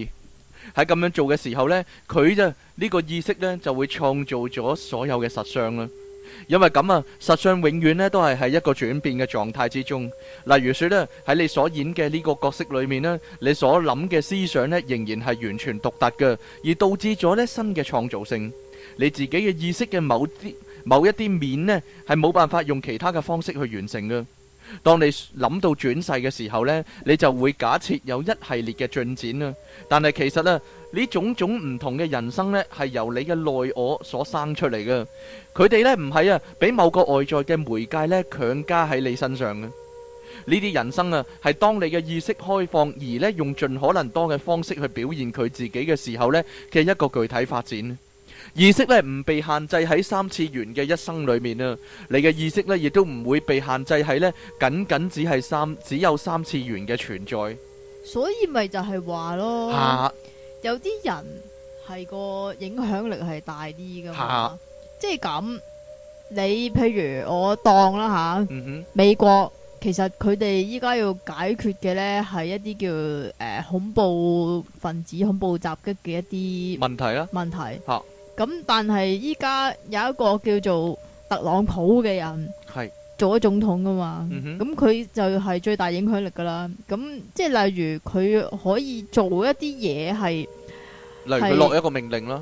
喺咁樣做嘅時候呢，佢就呢、呢個意識呢就會創造咗所有嘅實相啦。因為咁啊，實相永遠呢都係喺一個轉變嘅狀態之中。例如說呢，喺你所演嘅呢個角色裏面呢，你所諗嘅思想呢，仍然係完全獨特嘅，而導致咗呢新嘅創造性。你自己嘅意識嘅某啲某一啲面呢，係冇辦法用其他嘅方式去完成嘅。當你諗到轉世嘅時候呢，你就會假設有一系列嘅進展啦。但係其實呢，呢種種唔同嘅人生呢，係由你嘅內我所生出嚟嘅，佢哋呢，唔係啊，俾某個外在嘅媒介呢強加喺你身上嘅，呢啲人生啊，係當你嘅意識開放而呢用盡可能多嘅方式去表現佢自己嘅時候呢嘅一個具體發展。意識咧唔被限制喺三次元嘅一生裏面啊！你嘅意識咧亦都唔會被限制喺咧，僅僅只係三只有三次元嘅存在，所以咪就係話咯，啊、有啲人係個影響力係大啲噶嘛，啊、即係咁。你譬如我當啦嚇，啊、嗯嗯美國其實佢哋依家要解決嘅咧係一啲叫誒、呃、恐怖分子恐怖襲擊嘅一啲問題啦，問題嚇。啊咁但係依家有一個叫做特朗普嘅人是，係做咗總統噶嘛，咁佢、嗯哼嗯、就係最大影響力噶啦。咁、嗯、即係例如佢可以做一啲嘢係，例如佢落是一個命令啦，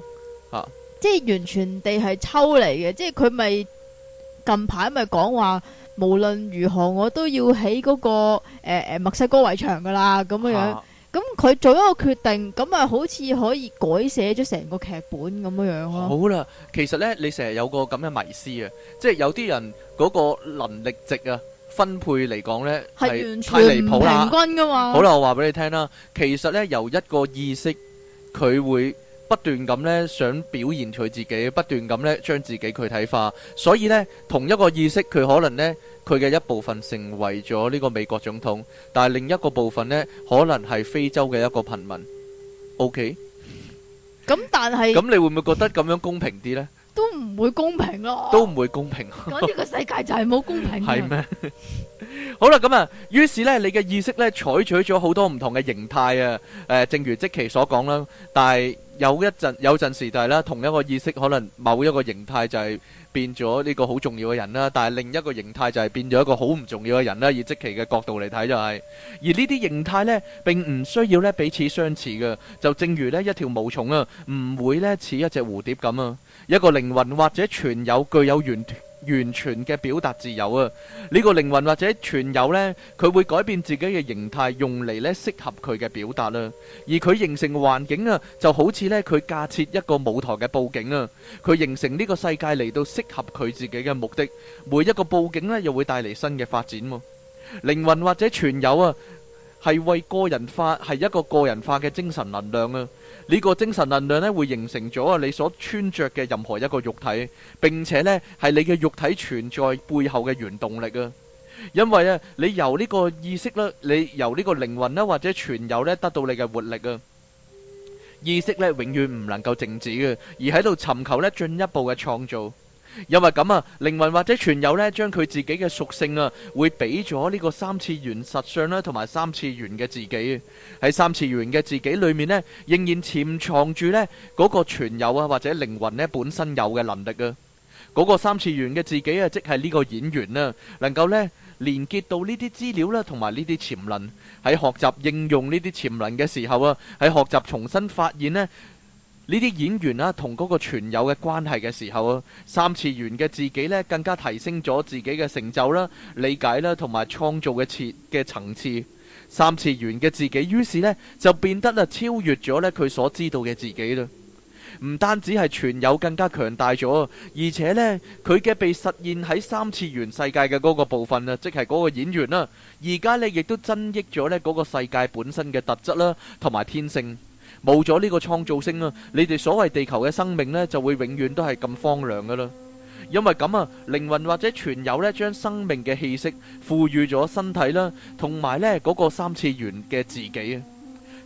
吓、啊，即係完全地係抽離嘅。即係佢咪近排咪講話，無論如何我都要起嗰、那個誒誒墨西哥圍牆噶啦，咁樣。啊咁佢、嗯、做一個決定，咁啊好似可以改寫咗成個劇本咁樣樣、囉。好啦，其實呢，你成日有個咁嘅迷思啊，即係有啲人嗰個能力值啊分配嚟講呢係太離譜啦。好啦，我話俾你聽啦，其實呢，由一個意識佢會。不斷咁咧，想表現佢自己，不斷咁咧將自己具體化。所以咧，同一個意識，佢可能咧，佢嘅一部分成為咗呢個美國總統，但係另一個部分咧，可能係非洲嘅一個貧民。OK，咁但係，咁你會唔會覺得咁樣公平啲咧？都唔會公平咯，都唔會公平。咁呢個世界就係冇公平嘅。係咩？好啦，咁啊，於是咧，你嘅意識咧採取咗好多唔同嘅形態啊。誒，正如即其所講啦，但係。有一陣有陣時，就係啦，同一個意識可能某一個形態就係變咗呢個好重要嘅人啦，但係另一個形態就係變咗一個好唔重要嘅人啦，以積奇嘅角度嚟睇就係、是。而呢啲形態呢，並唔需要呢彼此相似嘅，就正如呢一條毛蟲啊，唔會呢似一隻蝴蝶咁啊。一個靈魂或者存有具有完。完全嘅表達自由啊！呢個靈魂或者全有呢，佢會改變自己嘅形態，用嚟呢適合佢嘅表達啦、啊。而佢形成環境啊，就好似呢，佢架設一個舞台嘅布景啊。佢形成呢個世界嚟到適合佢自己嘅目的。每一個布景呢，又會帶嚟新嘅發展、啊。靈魂或者全有啊，係為個人化，係一個個人化嘅精神能量啊。呢個精神能量咧，會形成咗啊！你所穿着嘅任何一個肉體，並且呢係你嘅肉體存在背後嘅原動力啊！因為啊，你由呢個意識啦，你由呢個靈魂啦，或者存有呢得到你嘅活力啊！意識呢永遠唔能夠靜止嘅，而喺度尋求呢進一步嘅創造。因為咁啊，靈魂或者全有呢，將佢自己嘅屬性啊，會俾咗呢個三次元實相啦、啊，同埋三次元嘅自己，喺三次元嘅自己裏面呢，仍然潛藏住呢嗰、那個全有啊，或者靈魂呢本身有嘅能力啊，嗰、那個三次元嘅自己啊，即係呢個演員啊，能夠呢連結到呢啲資料啦、啊，同埋呢啲潛能，喺學習應用呢啲潛能嘅時候啊，喺學習重新發現呢。呢啲演員啊，同嗰個存有嘅關係嘅時候啊，三次元嘅自己咧，更加提升咗自己嘅成就啦、理解啦，同埋創造嘅次嘅層次。三次元嘅自己，於是呢，就變得啊超越咗咧佢所知道嘅自己啦。唔單止係存有更加強大咗，而且呢，佢嘅被實現喺三次元世界嘅嗰個部分啊，即係嗰個演員啦、啊，而家呢，亦都增益咗呢嗰個世界本身嘅特質啦、啊，同埋天性。冇咗呢個創造性啊，你哋所謂地球嘅生命呢，就會永遠都係咁荒涼噶啦。因為咁啊，靈魂或者存有呢，將生命嘅氣息賦予咗身體啦，同埋呢嗰個三次元嘅自己啊。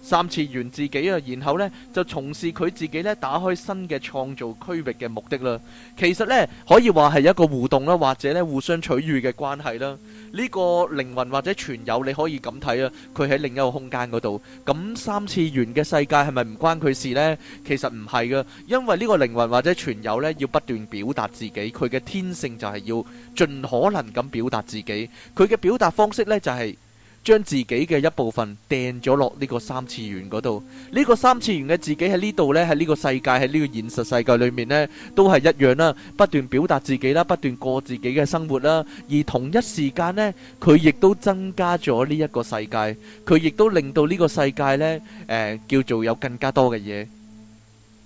三次元自己啊，然後咧就從事佢自己咧打開新嘅創造區域嘅目的啦。其實咧可以話係一個互動啦，或者咧互相取悅嘅關係啦。呢個靈魂或者存有，你可以咁睇啊，佢喺另一個空間嗰度。咁三次元嘅世界係咪唔關佢事咧？其實唔係噶，因為呢個靈魂或者存有咧要不斷表達自己，佢嘅天性就係要盡可能咁表達自己。佢嘅表達方式咧就係。將自己嘅一部分掟咗落呢個三次元嗰度，呢、呢個三次元嘅自己喺呢度呢，喺呢個世界，喺呢個現實世界裏面呢都係一樣啦。不斷表達自己啦，不斷過自己嘅生活啦。而同一時間呢，佢亦都增加咗呢一個世界，佢亦都令到呢個世界呢誒、呃、叫做有更加多嘅嘢。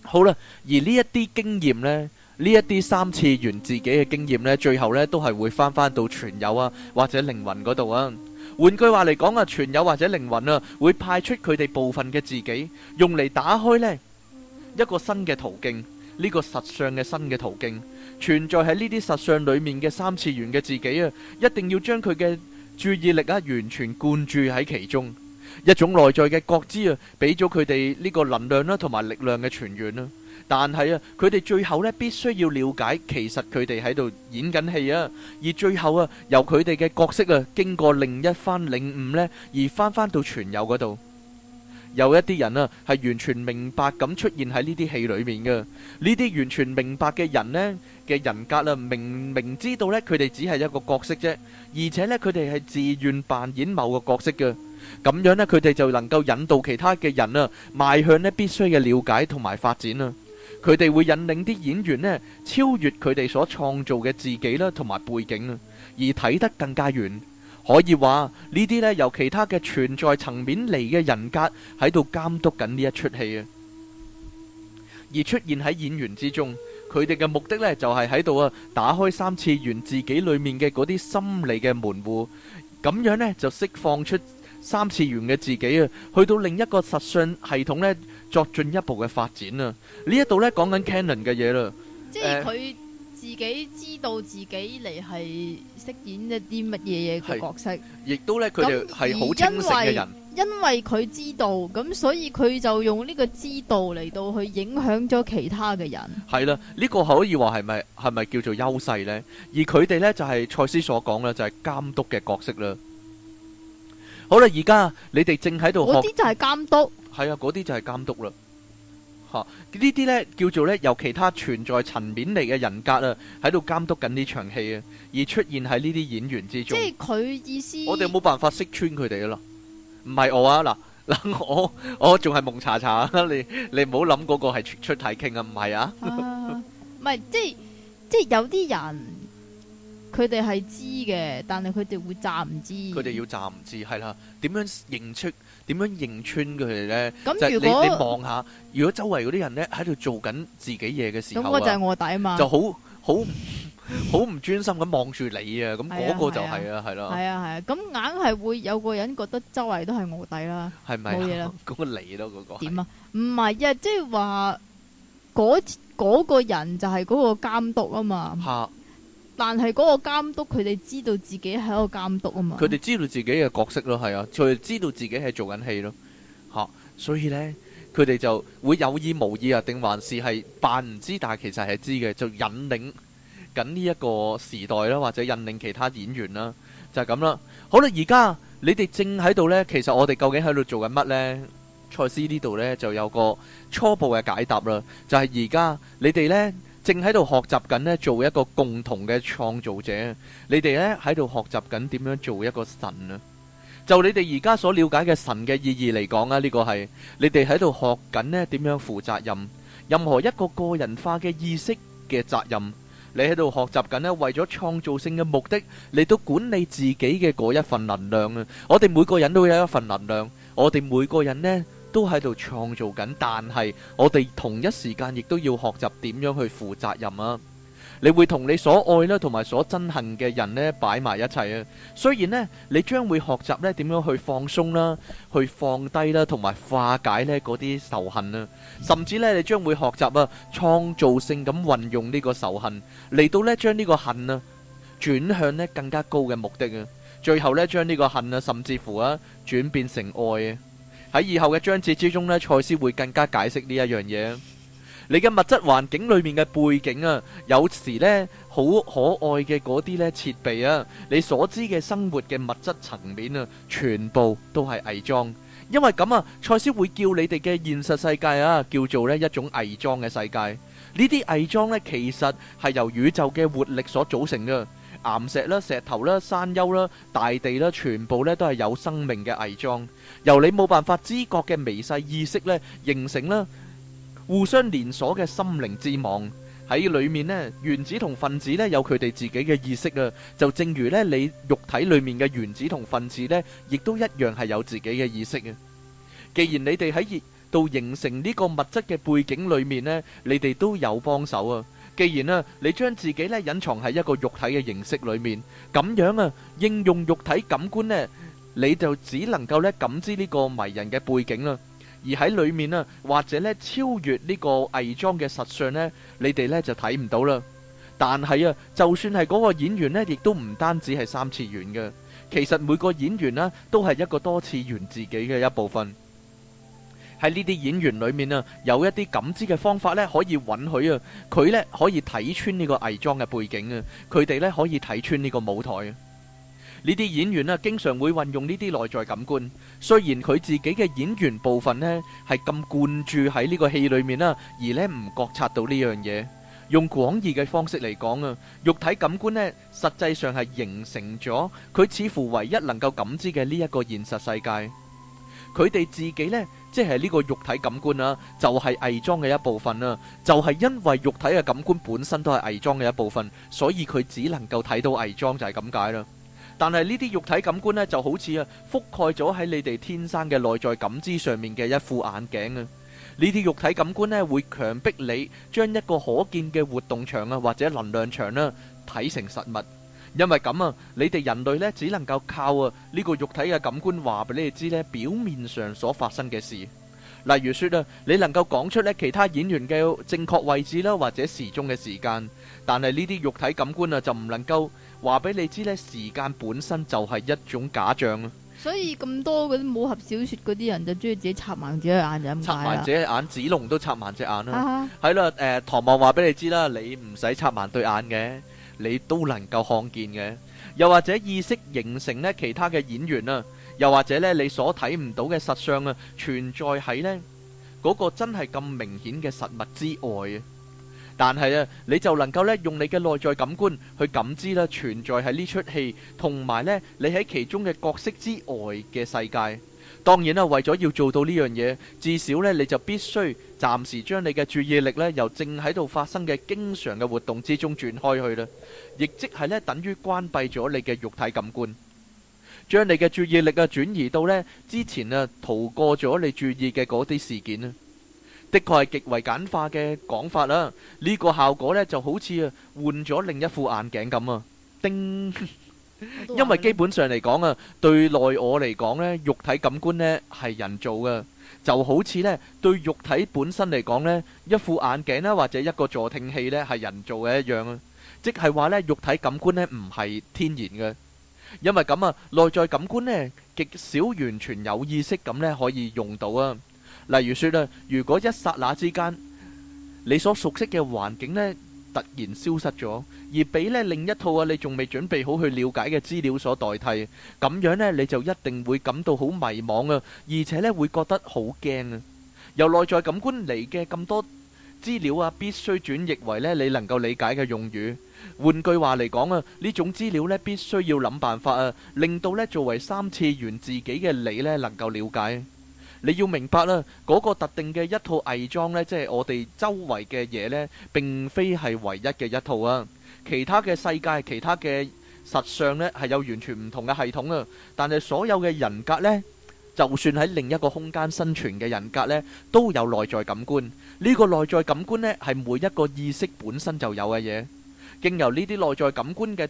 好啦，而呢一啲經驗呢，呢一啲三次元自己嘅經驗呢，最後呢都係會返返到全有啊或者靈魂嗰度啊。換句話嚟講啊，存有或者靈魂啊，會派出佢哋部分嘅自己，用嚟打開呢一個新嘅途徑，呢個實相嘅新嘅途徑，存在喺呢啲實相裏面嘅三次元嘅自己啊，一定要將佢嘅注意力啊，完全灌注喺其中，一種內在嘅覺知啊，俾咗佢哋呢個能量啦、啊，同埋力量嘅泉源啊。但係啊，佢哋最後咧必須要了解，其實佢哋喺度演緊戲啊。而最後啊，由佢哋嘅角色啊，經過另一番領悟呢，而翻翻到全友嗰度。有一啲人啊，係完全明白咁出現喺呢啲戲裏面嘅呢啲完全明白嘅人呢嘅人格啊，明明知道呢，佢哋只係一個角色啫，而且呢，佢哋係自願扮演某個角色嘅咁樣呢，佢哋就能夠引導其他嘅人啊，邁向呢必須嘅了解同埋發展啊。佢哋會引領啲演員咧超越佢哋所創造嘅自己啦，同埋背景啦，而睇得更加遠。可以話呢啲咧由其他嘅存在層面嚟嘅人格喺度監督緊呢一出戲啊，而出現喺演員之中。佢哋嘅目的咧就係喺度啊，打開三次元自己裏面嘅嗰啲心理嘅門戶，咁樣呢，就釋放出三次元嘅自己啊，去到另一個實相系統咧。作進一步嘅發展啊。呢一度咧講緊 Canon 嘅嘢啦，即係佢自己知道自己嚟係飾演一啲乜嘢嘢嘅角色，亦、嗯、都咧佢就係好清醒嘅人，因，因為佢知道，咁所以佢就用呢個知道嚟到去影響咗其他嘅人。係啦，呢、呢個可以話係咪係咪叫做優勢咧？而佢哋咧就係賽斯所講啦，就係、係、監督嘅角色啦。好啦，而家你哋正喺度學啲就係監督。係啊，嗰啲就係監督啦，吓、啊、呢啲咧叫做咧由其他存在層面嚟嘅人格啊，喺度監督緊呢場戲啊，而出現喺呢啲演員之中。即係佢意思。我哋冇辦法識穿佢哋咯，唔係我啊，嗱嗱，我我仲係蒙查查，你你唔好諗嗰個係出出體傾啊，唔係啊？ 啊，唔係即係即係有啲人，佢哋係知嘅，但係佢哋會詐唔知。佢哋要詐唔知，係啦、啊，點樣認出？點樣認穿佢哋咧？咁你你望下，如果周圍嗰啲人咧喺度做緊自己嘢嘅時候底、那個就是、 啊，就好好好唔專心咁望住你啊！咁嗰個就係啊，係咯，係啊係啊！咁硬係會有個人覺得周圍都係卧底啦，冇嘢啦，嗰 個你咯嗰、那個點啊？唔係啊，即係話嗰個人就係嗰個監督啊嘛。但係嗰個監督，佢哋知道自己係一個監督啊嘛。佢哋知道自己嘅角色咯，係啊，佢哋知道自己係做緊戲咯，吓、啊，所以呢，佢哋就會有意無意啊，定還是係扮唔知，但係其實係知嘅，就引領緊呢一個時代啦，或者引領其他演員啦，啊，就係咁啦。好啦，而家你哋正喺度呢，其實我哋究竟喺度做緊乜呢？賽斯呢度呢，就有個初步嘅解答啦，就係而家你哋呢。正喺度學習緊呢做一個共同嘅創造者。你哋呢喺度學習緊點樣做一個神啊？就你哋而家所了解嘅神嘅意義嚟講啊，呢個係你哋喺度學緊呢點樣負責任。任何一個個人化嘅意識嘅責任，你喺度學習緊呢為咗創造性嘅目的嚟到管理自己嘅嗰一份能量啊！我哋每個人都有一份能量，我哋每個人呢。都喺度創造緊，但係我哋同一時間亦都要學習點樣去負責任啊！你會同你所愛啦，同埋所憎恨嘅人呢擺埋一齊啊！雖然呢，你將會學習呢點樣去放鬆啦、啊，去放低啦、啊，同埋化解呢嗰啲仇恨啊！甚至呢，你將會學習啊，創造性咁運用呢個仇恨，嚟到呢，將呢個恨啊轉向呢更加高嘅目的啊！最後呢，將呢個恨啊，甚至乎啊轉變成愛啊！喺以後嘅章節之中咧，賽斯會更加解釋呢一樣嘢。你嘅物質環境裏面嘅背景啊，有時咧好可愛嘅嗰啲咧設備啊，你所知嘅生活嘅物質層面啊，全部都係偽裝。因為咁啊，賽斯會叫你哋嘅現實世界啊，叫做咧一種偽裝嘅世界。呢啲偽裝咧，其實係由宇宙嘅活力所組成嘅。岩石啦、石頭啦、山丘啦、大地啦，全部咧都係有生命嘅偽裝，由你冇辦法知覺嘅微細意識咧形成啦，互相連鎖嘅心靈之網喺裏面咧，原子同分子咧有佢哋自己嘅意識啊，就正如咧你肉體裏面嘅原子同分子咧，亦都一樣係有自己嘅意識啊。既然你哋喺度形成呢個物質嘅背景裏面咧，你哋都有幫手啊。既然咧，你將自己咧隱藏喺一個肉體嘅形式裏面，咁樣啊，應用肉體感官咧，你就只能夠咧感知呢個迷人嘅背景啦。而喺裏面啊，或者咧超越呢個偽裝嘅實相咧，你哋咧就睇唔到啦。但係啊，就算係嗰個演員咧，亦都唔單止係三次元嘅，其實每個演員啦，都係一個多次元自己嘅一部分。喺呢啲演員裏面啊，有一啲感知嘅方法咧，可以允許啊，佢咧可以睇穿呢個偽裝嘅背景啊，佢哋咧可以睇穿呢個舞台啊。呢啲演員啊，經常會運用呢啲內在感官，雖然佢自己嘅演員部分呢，係咁貫注喺呢個戲裏面啦，而呢，唔覺察到呢樣嘢。用廣義嘅方式嚟講啊，肉體感官呢，實際上係形成咗佢似乎唯一能夠感知嘅呢一個現實世界。佢哋自己呢。即係呢個肉體感官啦，就係偽裝嘅一部分啦。就係因為肉體嘅感官本身都係偽裝嘅一部分，所以佢只能夠睇到偽裝就係咁解啦。但係呢啲肉體感官呢，就好似啊覆蓋咗喺你哋天生嘅內在感知上面嘅一副眼鏡啊。呢啲肉體感官呢，會強迫你將一個可見嘅活動場啊或者能量場呢，睇成實物。因為咁啊，你哋人類呢，只能夠靠啊呢個肉體嘅感官話俾你哋知呢表面上所發生嘅事，例如說啊，你能夠講出呢其他演員嘅正確位置啦，或者時鐘嘅時間，但係呢啲肉體感官啊就唔能夠話俾你知呢時間本身就係一種假象咯。所以咁多嗰啲武俠小說嗰啲人就中意自己插盲自己眼，就咁插盲隻眼，子龍都插盲隻眼 啦。係咯，誒，唐望話俾你知啦，你唔使插盲對眼嘅。你都能夠看見嘅，又或者意識形成呢其他嘅演員啊，又或者呢你所睇唔到嘅實相啊存在喺呢嗰個真係咁明顯嘅實物之外啊，但係啊，你就能夠呢用你嘅內在感官去感知啦存在喺呢出戲同埋呢你喺其中嘅角色之外嘅世界，當然啦為咗要做到呢樣嘢，至少呢你就必須。暫時將你嘅注意力咧由正喺度發生嘅經常嘅活動之中轉開去啦，亦即係咧等於關閉咗你嘅肉體感官，將你嘅注意力啊轉移到咧之前啊逃過咗你注意嘅嗰啲事件啦。的確係極為簡化嘅講法啦，呢個效果咧就好似啊換咗另一副眼鏡咁啊，叮，因為基本上嚟講啊，對內我嚟講咧，肉體感官咧係人造嘅。就好似呢，對肉體本身嚟講呢，一副眼鏡啦，或者一個助聽器呢，係人造嘅一樣。即係話呢，肉體感官呢，唔係天然嘅。因為咁啊，內在感官呢，極少完全有意識咁可以用到。例如說，如果一剎那之間，你所熟悉嘅環境呢，突然消失咗，而俾呢另一套啊，你仲未準備好去了解嘅資料所代替，咁樣呢你就一定會感到好迷惘啊，而且呢會覺得好驚啊。由內在感官嚟嘅咁多資料啊，必須轉譯為呢你能夠理解嘅用語。換句話嚟講啊，呢種資料呢必須要諗辦法啊，令到呢作為三次元自己嘅你呢能夠了解。你要明白啦，嗰個特定嘅一套偽裝咧，即係我哋周圍嘅嘢咧，並非係唯一嘅一套啊。其他嘅世界，其他嘅實相咧，係有完全唔同嘅系統啊。但係所有嘅人格咧，就算喺另一個空間生存嘅人格咧，都有內在感官。呢個內在感官咧，係每一個意識本身就有嘅嘢，經由呢啲內在感官嘅。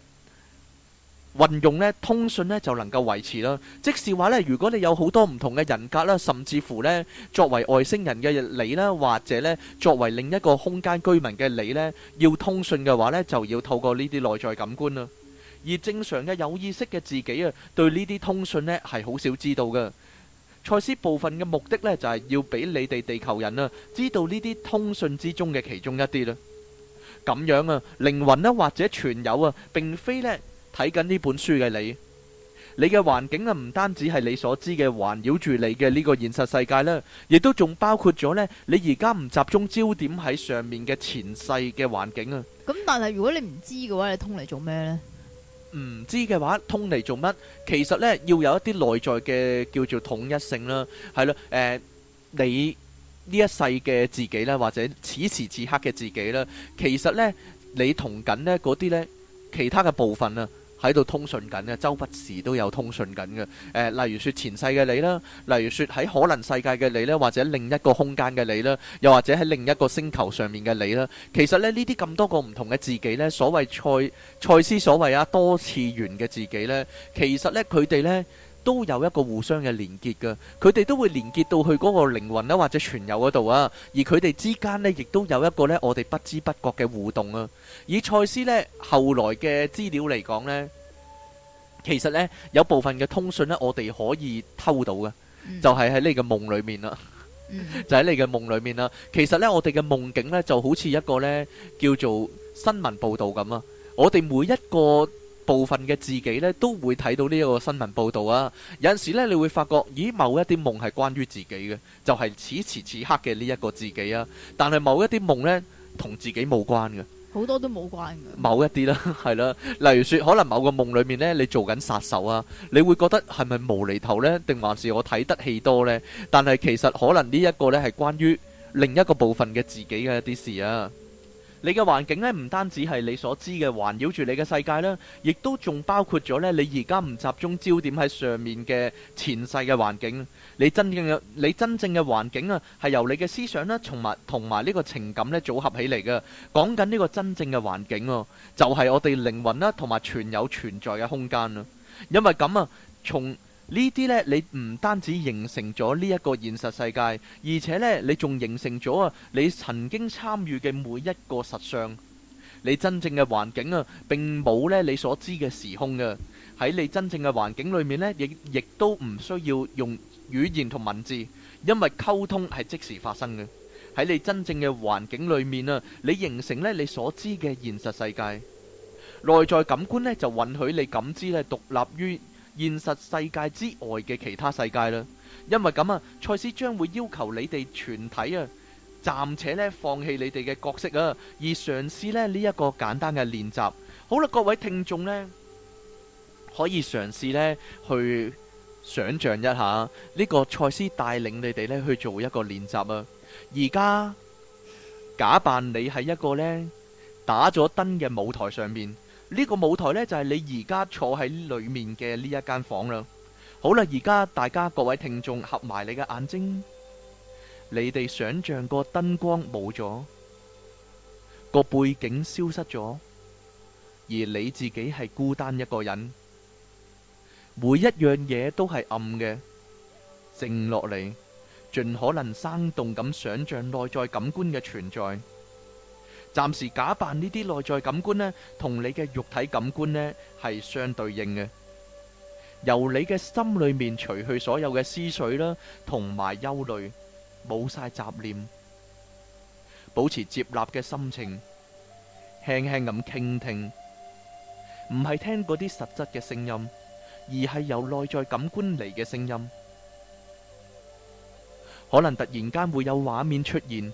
運用呢通訊呢，就能夠維持啦。即是話呢，如果你有好多唔同嘅人格啦，甚至乎呢作為外星人嘅你啦，或者呢作為另一個空間居民嘅你呢，要通訊嘅話呢，就要透過呢啲內在感官啦。而正常嘅有意識嘅自己啊，對呢啲通訊呢係好少知道嘅。賽斯部分嘅目的呢，就係、是、要俾你哋地球人啊，知道呢啲通訊之中嘅其中一啲啦。咁樣啊，靈魂啦、啊、或者全有啊，並非呢。睇緊呢本書嘅你，你嘅環境啊，唔單止係你所知嘅環繞住你嘅呢個現實世界啦，亦都仲包括咗呢你而家唔集中焦點喺上面嘅前世嘅環境啊。咁但係如果你唔知嘅話，你通嚟做咩呢？唔知嘅話，通嚟做乜？其實呢，要有一啲內在嘅叫做統一性啦，係咯，誒、呃，你呢一世嘅自己呢，或者此時此刻嘅自己呢，其實呢，你同緊呢嗰啲呢，其他嘅部分啊。喺度通訊緊嘅，周不時都有通訊緊嘅。誒、呃，例如説前世嘅你啦，例如説喺可能世界嘅你咧，或者另一個空間嘅你啦，又或者喺另一個星球上面嘅你啦。其實咧，呢啲咁多個唔同嘅自己呢，所謂賽賽斯所謂啊，多次元嘅自己呢，其實呢，佢哋呢。都有一個互相嘅連結㗎，佢哋都會連結到去嗰個靈魂啦，或者存有嗰度啊。而佢哋之間呢，亦都有一個呢，我哋不知不覺嘅互動啊。以賽斯呢後來嘅資料嚟講呢，其實呢，有部分嘅通訊呢，我哋可以偷到㗎，就係、是、喺你嘅夢裏面啦， 就喺你嘅夢裏面啦。其實呢，我哋嘅夢境呢，就好似一個呢叫做新聞報道咁啊。我哋每一個。部分嘅自己呢都會睇到呢一個新聞報導啊！有陣時呢，你會發覺，咦，某一啲夢係關於自己嘅，就係此時此刻嘅呢一個自己啊！但係某一啲夢呢，同自己冇關嘅，好多都冇關嘅。某一啲啦，係 啦，例如説，可能某個夢裡面呢，你做緊殺手啊，你會覺得係咪無厘頭呢？定還是我睇得戲多呢？但係其實可能呢一個呢，係關於另一個部分嘅自己嘅一啲事啊。你嘅環境咧，唔單止係你所知嘅環繞住你嘅世界啦，亦都仲包括咗咧，你而家唔集中焦點喺上面嘅前世嘅環境。你真正嘅你真正嘅環境啊，係由你嘅思想啦，同埋同埋呢個情感咧組合起嚟嘅。講緊呢個真正嘅環境啊，就係、是、我哋靈魂啦，同埋存有存在嘅空間啊。因為咁啊，從呢啲呢，你唔單止形成咗呢一個現實世界，而且呢，你仲形成咗啊，你曾經參與嘅每一個實相。你真正嘅環境啊，並冇呢你所知嘅時空嘅。喺你真正嘅環境裏面呢，亦亦都唔需要用語言同文字，因為溝通係即時發生嘅。喺你真正嘅環境裏面啊，你形成呢你所知嘅現實世界，內在感官呢，就允許你感知呢獨立於。現實世界之外嘅其他世界啦，因為咁啊，賽斯將會要求你哋全體啊，暫且呢，放棄你哋嘅角色啊，而嘗試咧呢一個簡單嘅練習。好啦，各位聽眾呢，可以嘗試呢去想象一下呢個賽斯帶領你哋呢去做一個練習啊。而家假扮你喺一個呢打咗燈嘅舞台上面。呢個舞台呢，就係你而家坐喺裏面嘅呢一間房啦。好啦，而家大家各位聽眾合埋你嘅眼睛，你哋想象個燈光冇咗，個背景消失咗，而你自己係孤單一個人，每一樣嘢都係暗嘅，靜落嚟，盡可能生動咁想象內在感官嘅存在。暫時假扮呢啲內在感官呢，同你嘅肉體感官呢係相對應嘅。由你嘅心裏面除去所有嘅思緒啦，同埋憂慮，冇晒雜念，保持接納嘅心情，輕輕咁傾聽，唔係聽嗰啲實質嘅聲音，而係由內在感官嚟嘅聲音。可能突然間會有畫面出現。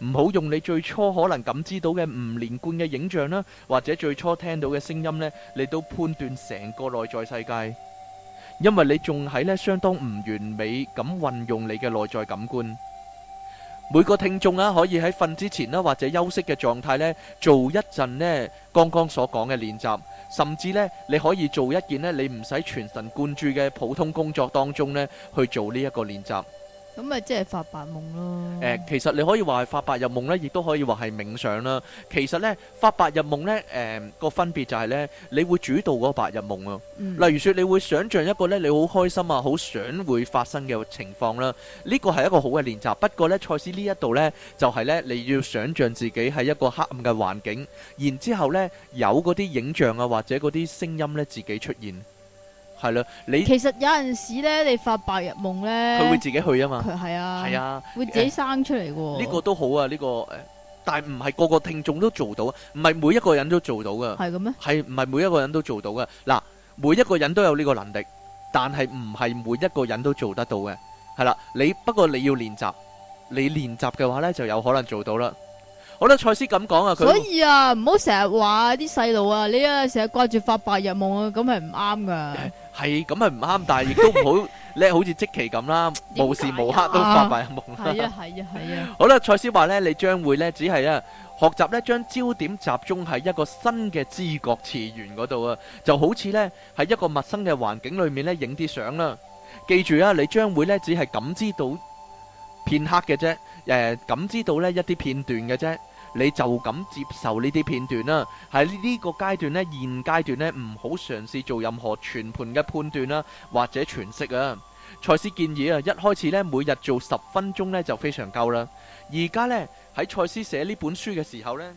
唔好用你最初可能感知到嘅唔連貫嘅影像啦，或者最初聽到嘅聲音呢，你都判斷成個內在世界，因為你仲喺呢相當唔完美咁運用你嘅內在感官。每個聽眾啊，可以喺瞓之前啦，或者休息嘅狀態呢，做一陣呢剛剛所講嘅練習，甚至呢你可以做一件呢你唔使全神貫注嘅普通工作當中呢去做呢一個練習。咁咪即係發白夢咯。誒、呃，其實你可以話係發白日夢咧，亦都可以話係冥想啦。其實咧，發白日夢咧，誒、呃，個分別就係咧，你會主導嗰個白日夢啊。嗯、例如說，你會想象一個咧，你好開心啊，好想會發生嘅情況啦，啊。呢個係一個好嘅練習。不過咧，賽斯呢一度咧，就係、是、咧，你要想象自己喺一個黑暗嘅環境，然之後咧，有嗰啲影像啊，或者嗰啲聲音咧，自己出現。係啦，你其實有陣時咧，你發白日夢咧，佢會自己去啊嘛，係啊，啊會自己生出嚟噶。呢、欸這個都好啊，呢、這個誒、欸，但係唔係個個聽眾都做到，唔係每一個人都做到噶。係咁咩？係唔係每一個人都做到噶？嗱，每一個人都有呢個能力，但係唔係每一個人都做得到嘅。係啦、啊，你不過你要練習，你練習嘅話咧就有可能做到啦。好啦，賽斯咁講啊，佢所以啊，唔好成日話啲細路啊，你啊成日掛住發白日夢啊，咁係唔啱噶。 係咁係唔啱，但係亦都唔好咧，好似即期咁啦，無時無刻都發白日夢啦。係啊係啊係啊！好啦，賽斯話咧，你將會咧只係啊學習咧，將焦點集中喺一個新嘅知覺次元嗰度啊，就好似咧喺一個陌生嘅環境裏面咧影啲相啦。記住啊，你將會咧只係感知到片刻嘅啫，誒，感知到咧一啲片段嘅啫。你就咁接受呢啲片段啦。喺呢個階段呢，現階段呢，唔好嘗試做任何全盤嘅判斷啦，或者詮釋啊。賽斯建議啊，一開始呢，每日做十分鐘呢，就非常夠啦。而家呢，喺賽斯寫呢本書嘅時候呢，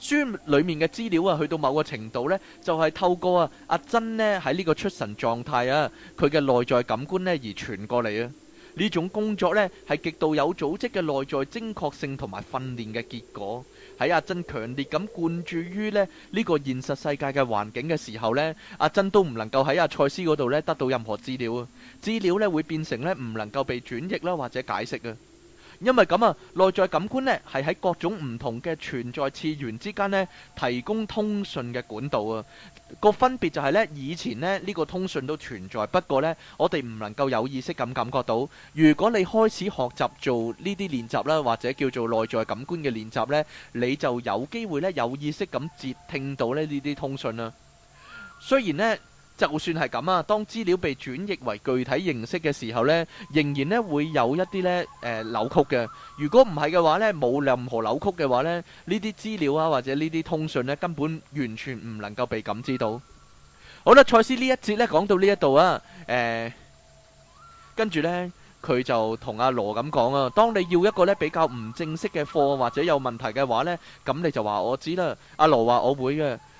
書裡面嘅資料啊，去到某個程度呢，就係透過啊阿珍呢，喺呢個出神狀態啊，佢嘅內在感官呢，而傳過嚟啊。呢種工作呢係極度有組織嘅內在精確性同埋訓練嘅結果。喺阿珍強烈咁貫注於咧呢、這個現實世界嘅環境嘅時候呢，阿珍都唔能夠喺阿賽斯嗰度咧得到任何資料啊！資料呢會變成咧唔能夠被轉譯啦，或者解釋啊。因為咁啊，內在感官呢係喺各種唔同嘅存在次元之間呢提供通訊嘅管道啊。個分別就係呢：以前呢，呢、呢個通訊都存在，不過呢，我哋唔能夠有意識咁感，感覺到。如果你開始學習做呢啲練習啦，或者叫做內在感官嘅練習呢，你就有機會呢有意識咁接聽到呢呢啲通訊啦、啊。雖然呢。就算係咁啊，當資料被轉譯為具體形式嘅時候咧，仍然咧會有一啲咧誒扭曲嘅。如果唔係嘅話咧，冇任何扭曲嘅話咧，呢啲資料啊或者呢啲通訊咧，根本完全唔能夠被感知到。好啦，賽斯呢一節咧講到呢一度啊，誒，跟住咧佢就同阿羅咁講啊，當你要一個咧比較唔正式嘅課或者有問題嘅話咧，咁你就話我知啦。阿羅話我會嘅。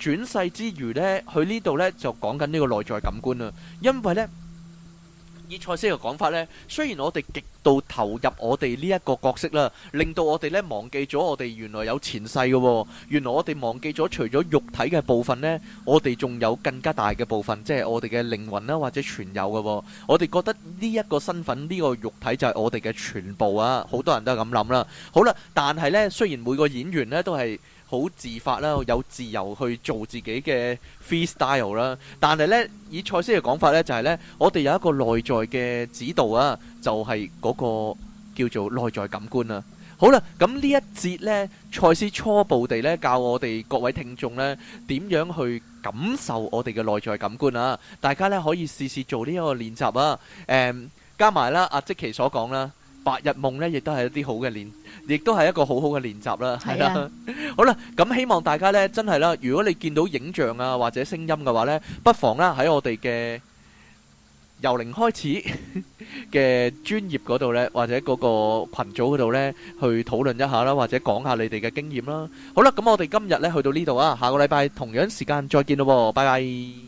轉世之餘呢，佢呢度呢就講緊呢個內在感官啦。因為呢，以賽斯嘅講法呢，雖然我哋極度投入我哋呢一個角色啦，令到我哋呢忘記咗我哋原來有前世嘅、哦。原來我哋忘記咗除咗肉體嘅部分呢，我哋仲有更加大嘅部分，即係我哋嘅靈魂啦、啊，或者存有嘅、哦。我哋覺得呢一個身份，呢個肉體就係我哋嘅全部啊！好多人都係咁諗啦。好啦，但係呢，雖然每個演員呢都係。好自發啦，有自由去做自己嘅 freestyle 啦。但係呢，以賽斯嘅講法呢，就係、是、呢，我哋有一個內在嘅指導啊，就係、是、嗰個叫做內在感官啦、啊。好啦，咁呢一節呢，賽斯初步地呢，教我哋各位聽眾呢點樣去感受我哋嘅內在感官啊。大家呢，可以試試做呢一個練習啊。誒、嗯，加埋啦，阿即奇所講啦。白日夢咧，亦都係一啲好嘅練，亦都係一個好好嘅練習啦。係啊，好啦，咁希望大家咧真係啦，如果你見到影像啊或者聲音嘅話咧，不妨啦喺我哋嘅由零開始嘅專業嗰度咧，或者嗰個群組嗰度咧去討論一下啦，或者講下你哋嘅經驗啦。好啦，咁我哋今日咧去到呢度啊，下個禮拜同樣時間再見咯，拜拜。